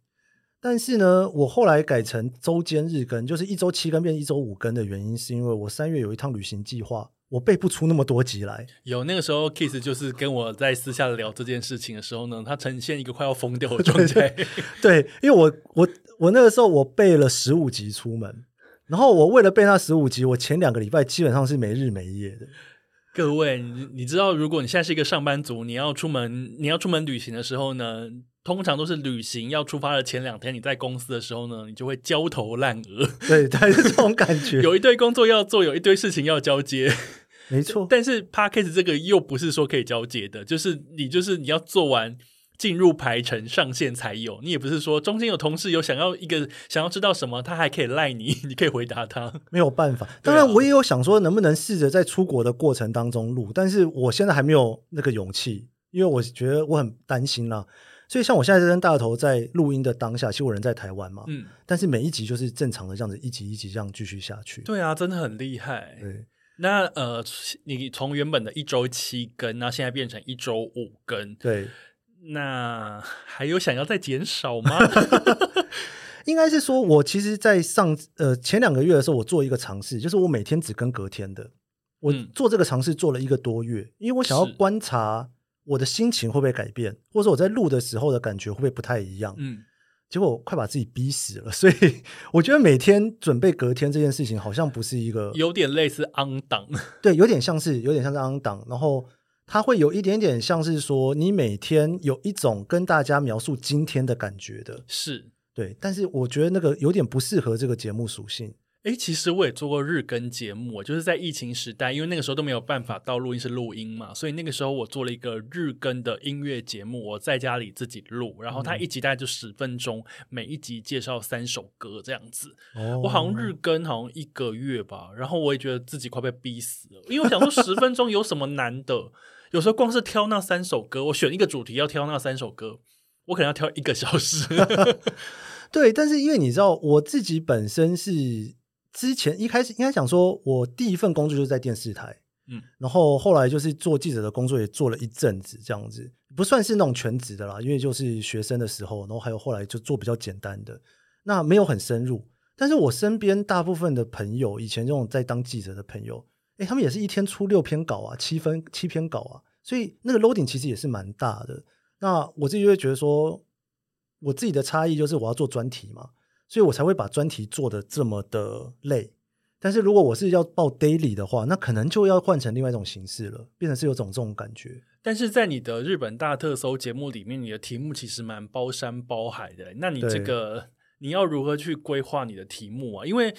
但是呢，我後來改成周間日更，就是一周七更變一周五更的原因，是因為我三月有一趟旅行計劃，我背不出那麼多集來。有那個時候，Keith 就是跟我在私下聊這件事情的時候呢，他呈現一個快要瘋掉的狀態 對。 對，因為我我我那個時候我背了十五集出門。然後我為了背那十五集，我前兩個禮拜基本上是沒日沒夜的。各位，你知道，如果你現在是一個上班族，你要出門，你要出門旅行的時候呢，通常都是旅行要出發的前兩天，你在公司的時候呢，你就會焦頭爛額。對，就是這種感覺， 有一堆工作要做，有一堆事情要交接，沒錯。但是 Podcast 這個又不是說可以交接的，就是你，就是你要做完。進入排程上線才有，你也不是說中間有同事有想要一個想要知道什麼，他還可以賴你，你可以回答他，沒有辦法。當然我也有想說，能不能試着在出國的過程當中錄，但是我現在還沒有那個勇氣，因為我覺得我很擔心啦。所以像我現在這張大頭在錄音的當下，其實我人在台灣嘛，嗯，但是每一集就是正常的這樣子一集一集這樣繼續下去。對啊，真的很厲害。對那呃，你從原本的一周七更，那現在變成一周五更，對。那還有想要再減少嗎？ 應該是說，我其實，在上呃前兩個月的時候，我做一個嘗試，就是我每天只跟隔天的。我做這個嘗試做了一個多月，嗯、因為我想要觀察我的心情會不會改變，是或者說我在錄的時候的感覺會不會不太一樣。嗯，結果我快把自己逼死了，所以我覺得每天準備隔天這件事情好像不是一個有點類似 on 檔， 對，有點像是有點像是 on 檔 down, 然後。他會有一點點像是說，你每天有一種跟大家描述今天的感覺的是，是對。但是我覺得那個有點不適合這個節目屬性。誒，其實我也做過日更節目，就是在疫情時代，因為那個時候都沒有辦法到錄音室錄音嘛，所以那個時候我做了一個日更的音樂節目，我在家裡自己錄，然後它一集大概就十分鐘，每一集介紹三首歌這樣子。哦，我好像日更好像一個月吧，嗯，然後我也覺得自己快被逼死了，因為我想說十分鐘有什麼難的？ 有時候光是挑那三首歌，我選一個主題要挑那三首歌，我可能要挑一個小時。 對，但是因為你知道，我自己本身是之前一開始應該想說，我第一份工作就是在電視台，嗯，然後後來就是做記者的工作也做了一陣子，這樣子不算是那種全職的啦，因為就是學生的時候，然後還有後來就做比較簡單的，那沒有很深入。但是我身邊大部分的朋友，以前這種在當記者的朋友。誒、欸，他們也是一天出六篇稿啊，七分七篇稿啊，所以那個 loading 其實也是蠻大的。那我自己就會覺得說，我自己的差異就是我要做專題嘛，所以我才會把專題做得這麼的累。但是如果我是要報 daily 的話，那可能就要換成另外一種形式了，變成是有種這種感覺。但是在你的日本大特搜節目裡面，你的題目其實蠻包山包海的。那你這個對你要如何去規劃你的題目啊？因為。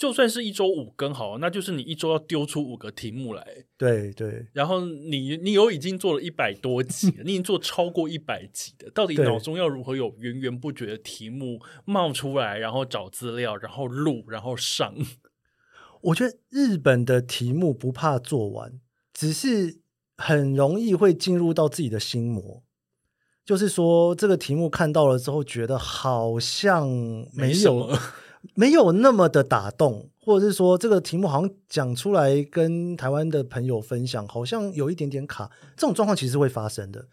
就算是一週五更好，那就是你一週要丟出五個題目來。對對，對，然後你你有已經做了一百多集， 你已經做超過一百集的，到底腦中要如何有源源不絕的題目冒出來，對然後找資料，然後錄，然後上？我覺得日本的題目不怕做完，只是很容易會進入到自己的心魔，就是說這個題目看到了之後，覺得好像沒有沒什麼。沒有那麼的打動，或者是說這個題目好像講出來跟台灣的朋友分享，好像有一點點卡。這種狀況其實會發生的。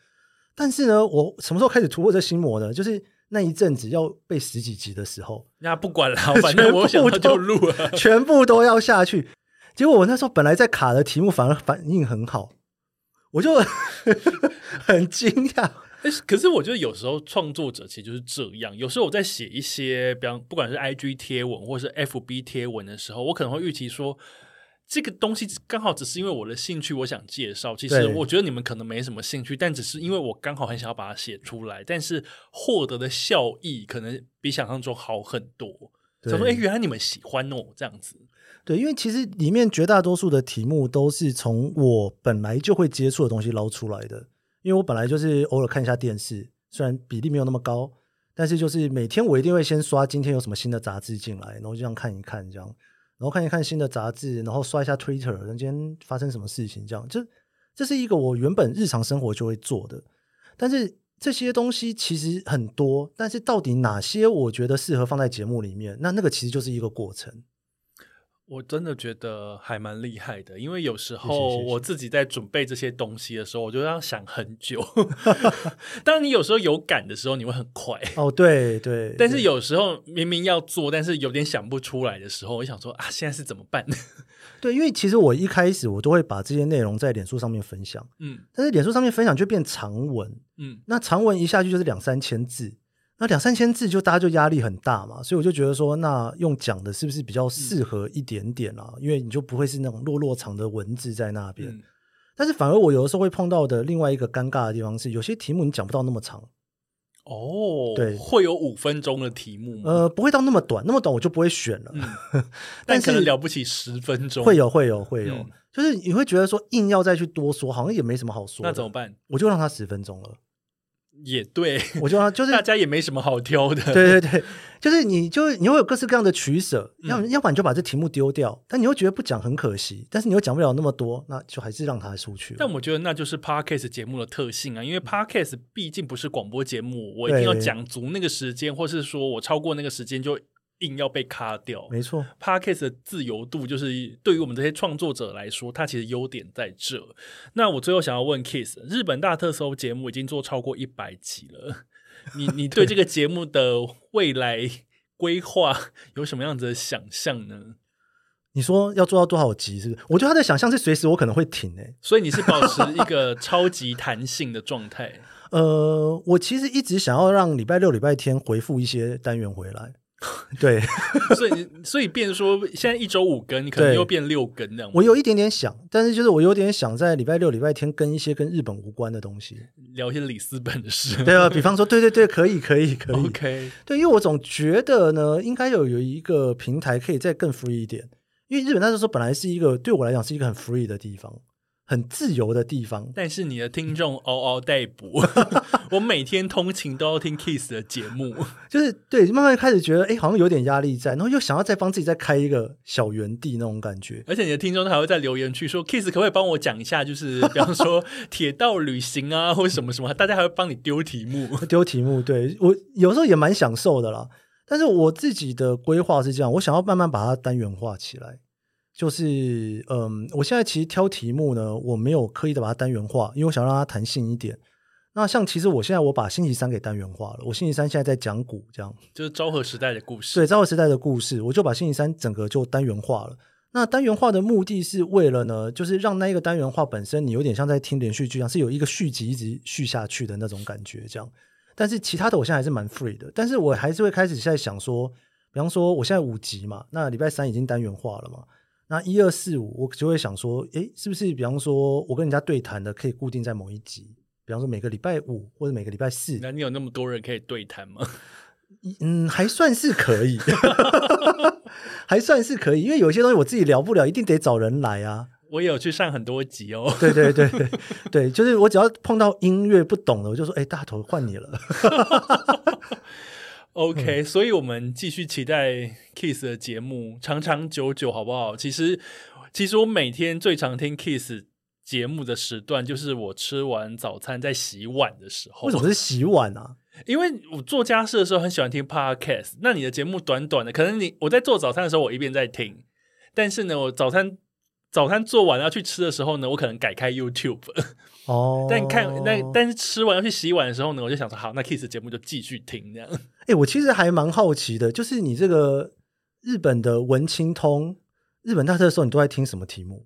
但是呢，我什麼時候開始突破這心魔呢？就是那一陣子要背十幾集的時候，那不管了，反正我想就錄了，全部都要下去。結果我那時候本來在卡的題目，反而反應很好，我就很驚訝。是，可是我覺得有時候創作者其實就是這樣。有時候我在寫一些，比方不管是 I G 貼文或是 F B 貼文的時候，我可能會預期說，這個東西剛好只是因為我的興趣，我想介紹。其實我覺得你們可能沒什麼興趣，對但只是因為我剛好很想要把它寫出來。但是獲得的效益可能比想象中好很多。怎麼對說？哎、欸，原來你們喜歡哦，這樣子。對，因為其實裡面絕大多數的題目都是從我本來就會接觸的東西撈出來的。因為我本來就是偶爾看一下電視，雖然比例沒有那麼高，但是就是每天我一定會先刷今天有什麼新的雜誌進來，然後這樣看一看這樣，然後看一看新的雜誌，然後刷一下 Twitter，那今天發生什麼事情這樣，就這是一個我原本日常生活就會做的。但是這些東西其實很多，但是到底哪些我覺得適合放在節目裡面，那那個其實就是一個過程。我真的覺得還蠻厲害的，因為有時候我自己在準備這些東西的時候，謝謝謝謝我就要想很久。 當你有時候有感的時候，你會很快。哦，對對。但是有時候明明要做，對但是有點想不出來的時候，我想說啊，現在是怎麼辦？對，因為其實我一開始我都會把這些內容在臉書上面分享，嗯，但是臉書上面分享就變長文，嗯，那長文一下去就是兩三千字。那兩三千字就大家就壓力很大嘛，所以我就覺得說，那用講的是不是比較適合一點點啊、嗯？因為你就不會是那種落落長的文字在那邊、嗯。但是反而我有的時候會碰到的另外一個尷尬的地方是，有些題目你講不到那麼長。哦，對，會有五分鐘的題目，呃，不會到那麼短，那麼短我就不會選了、嗯。 但是可能了不起十分鐘，會有會有會有，嗯、就是你會覺得說硬要再去多說，好像也沒什麼好說的。那怎麼辦？我就讓他十分鐘了。也對，我覺得、啊、就是大家也沒什麼好挑的。 對對對，就是你就你會有各式各樣的取舍，要、嗯、要不然就把這題目丟掉，但你又覺得不講很可惜，但是你又講不了那麼多，那就還是讓他出去。但我覺得那就是 Podcast 節目的特性啊，因為 Podcast 畢竟不是廣播節目，我一定要講足那個時間，或是說我超過那個時間就。硬要被卡掉，沒錯。Podcast 的自由度就是對於我們這些創作者來說，它其實優點在這。那我最後想要問 Keith，日本大特搜節目已經做超過一百集了，你你對這個節目的未來規劃有什麼樣子的想象呢？你說要做到多少集？是不是？我覺得他的想象是隨時我可能會停誒。所以你是保持一個超級彈性的狀態。 呃，我其實一直想要讓禮拜六、禮拜天回復一些單元回來。 對所，所以你所以變說，現在一周五更，你可能又變六更那樣。我有一點點想，但是就是我有點想在禮拜六、禮拜天更一些跟日本無關的東西，聊些裡斯本的事，對吧？比方說，對對對，可以可以可以，OK。對，因為我總覺得呢，應該有有一個平台可以再更 free 一點，因為日本，那時候本來是一個對我來講是一個很 free 的地方。很自由的地方，但是你的聽眾嗷嗷待哺。我每天通勤，都要聽 Keith 的節目，就是對，慢慢開始覺得哎、欸，好像有點壓力在，然後又想要再幫自己再開一個小園地那種感覺。而且你的聽眾他還會在留言區說：“Keith 可不可以幫我講一下？就是比方說鐵道旅行啊， 或什麼什麼，大家還會幫你丟題目，丟題目。對”對我有時候也蠻享受的啦。但是我自己的規劃是這樣，我想要慢慢把它單元化起來。就是嗯，我現在其實挑題目呢，我沒有刻意的把它單元化，因為我想讓它彈性一點。那像其實我現在我把星期三給單元化了，我星期三現在在講古這樣，就是昭和時代的故事。對，昭和時代的故事，我就把星期三整個就單元化了。那單元化的目的是為了呢，就是讓那一個單元化本身，你有點像在聽連續劇一樣，是有一個續集一直續下去的那種感覺，這樣。但是其他的我現在還是蠻 free 的，但是我還是會開始現在想說，比方說我現在五集嘛，那禮拜三已經單元化了嘛。那一二四五，我就會想說，誒，是不是？比方說，我跟人家對談的可以固定在某一集，比方說每個禮拜五或者每個禮拜四。那你有那麼多人可以對談嗎？嗯，還算是可以， 還算是可以，因為有些東西我自己聊不了，一定得找人來啊。我也有去上很多集哦。 對對對對，對，就是我只要碰到音樂不懂了，我就說，誒，大頭換你了。 OK，、嗯、所以，我們繼續期待 Keith 的節目，長長久久，好不好？其實，其實我每天最常聽 Keith 節目的時段，就是我吃完早餐在洗碗的時候。為什麼是洗碗呢、啊？因為我做家事的時候很喜歡聽 Podcast。那你的節目短短的，可能你我在做早餐的時候，我一邊在聽。但是呢，我早餐早餐做完要去吃的時候呢，我可能改開 YouTube。哦。 但看，但但是吃完要去洗碗的時候呢，我就想說，好，那 Keith 節目就繼續聽這樣。哎、欸，我其實還蠻好奇的，就是你這個日本的文青通，日本大學的時候，你都在聽什麼題目？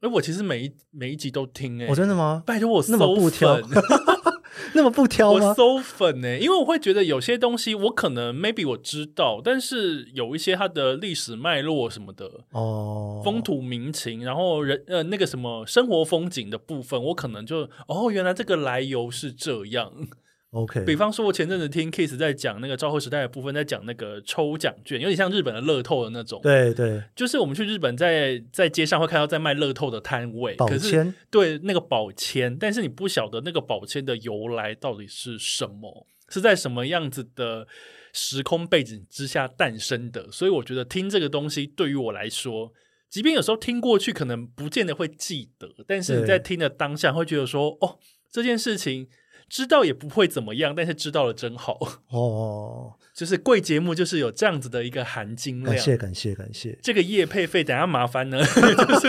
哎、欸，我其實每一每一集都聽。哎、欸，我、喔、真的嗎？拜托我粉那麼不挑， 那麼不挑嗎？搜粉哎、欸，因為我會覺得有些東西我可能 maybe 我知道，但是有一些它的歷史脈絡什麼的哦，風土民情，然後人呃那個什麼生活風景的部分，我可能就哦，原來這個來由是這樣。OK，比方說，我前陣子聽 KEITH 在講那個昭和時代的部分，在講那個抽獎券，有點像日本的樂透的那種。對對，就是我們去日本在，在在街上會看到在賣樂透的攤位。保簽鏈，對，那個保簽，但是你不曉得那個保簽的由來到底是什麼，是在什麼樣子的時空背景之下誕生的。所以我覺得聽這個東西對於我來說，即便有時候聽過去可能不見得會記得，但是你在聽的當下會覺得說，對哦，這件事情。知道也不會怎麼樣，但是知道了真好哦。Oh, oh, oh, oh. 就是貴節目就是有這樣子的一個含金量，感謝感謝感謝。感謝感謝這個業配費，等下麻煩呢， 就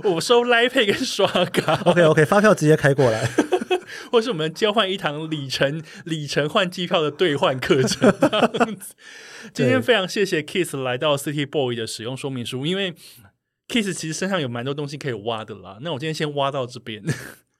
是我收 LINE Pay 跟刷卡。OK OK，發票直接開過來， 或是我們交換一堂里程里程換機票的兌換課程。 今天非常謝謝 Keith 來到 City Boy 的使用說明書，因為 Keith 其實身上有蠻多東西可以挖的啦。那我今天先挖到這邊。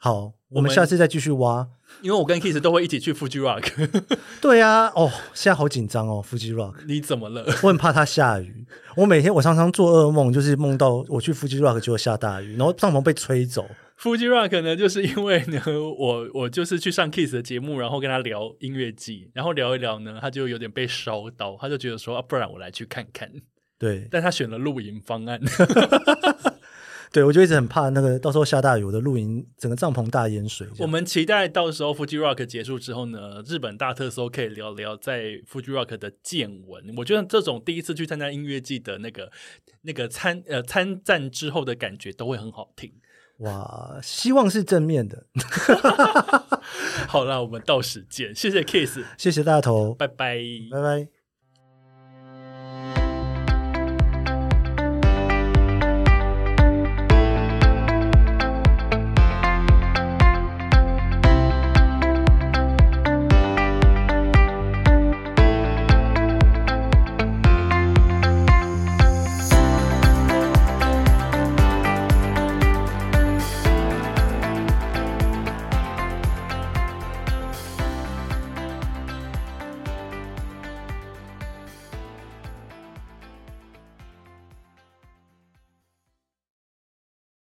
好，我們下次再繼續挖。因為我跟 Keith 都會一起去 Fuji Rock。 對啊，哦，現在好緊張哦，Fuji Rock。你怎麼了？我很怕它下雨。我每天我常常做噩夢，就是夢到我去 Fuji Rock 就會下大雨，然後帳篷被吹走。Fuji Rock 呢，就是因為呢，我我就是去上 Keith 的節目，然後跟他聊音樂季，然後聊一聊呢，他就有點被燒到，他就覺得說啊，不然我來去看看。對，但他選了露營方案。 對，我就一直很怕那個，到時候下大雨，我的露營整個帳篷大淹水。我們期待到時候 Fuji Rock 結束之後呢，日本大特搜可以聊聊在 Fuji Rock 的見聞。我覺得這種第一次去參加音樂季的那個、那個參呃參戰之後的感覺，都會很好聽。哇，希望是正面的。哈哈哈。好啦，我們到時見，謝謝 Keith 謝謝大頭，拜拜，拜拜。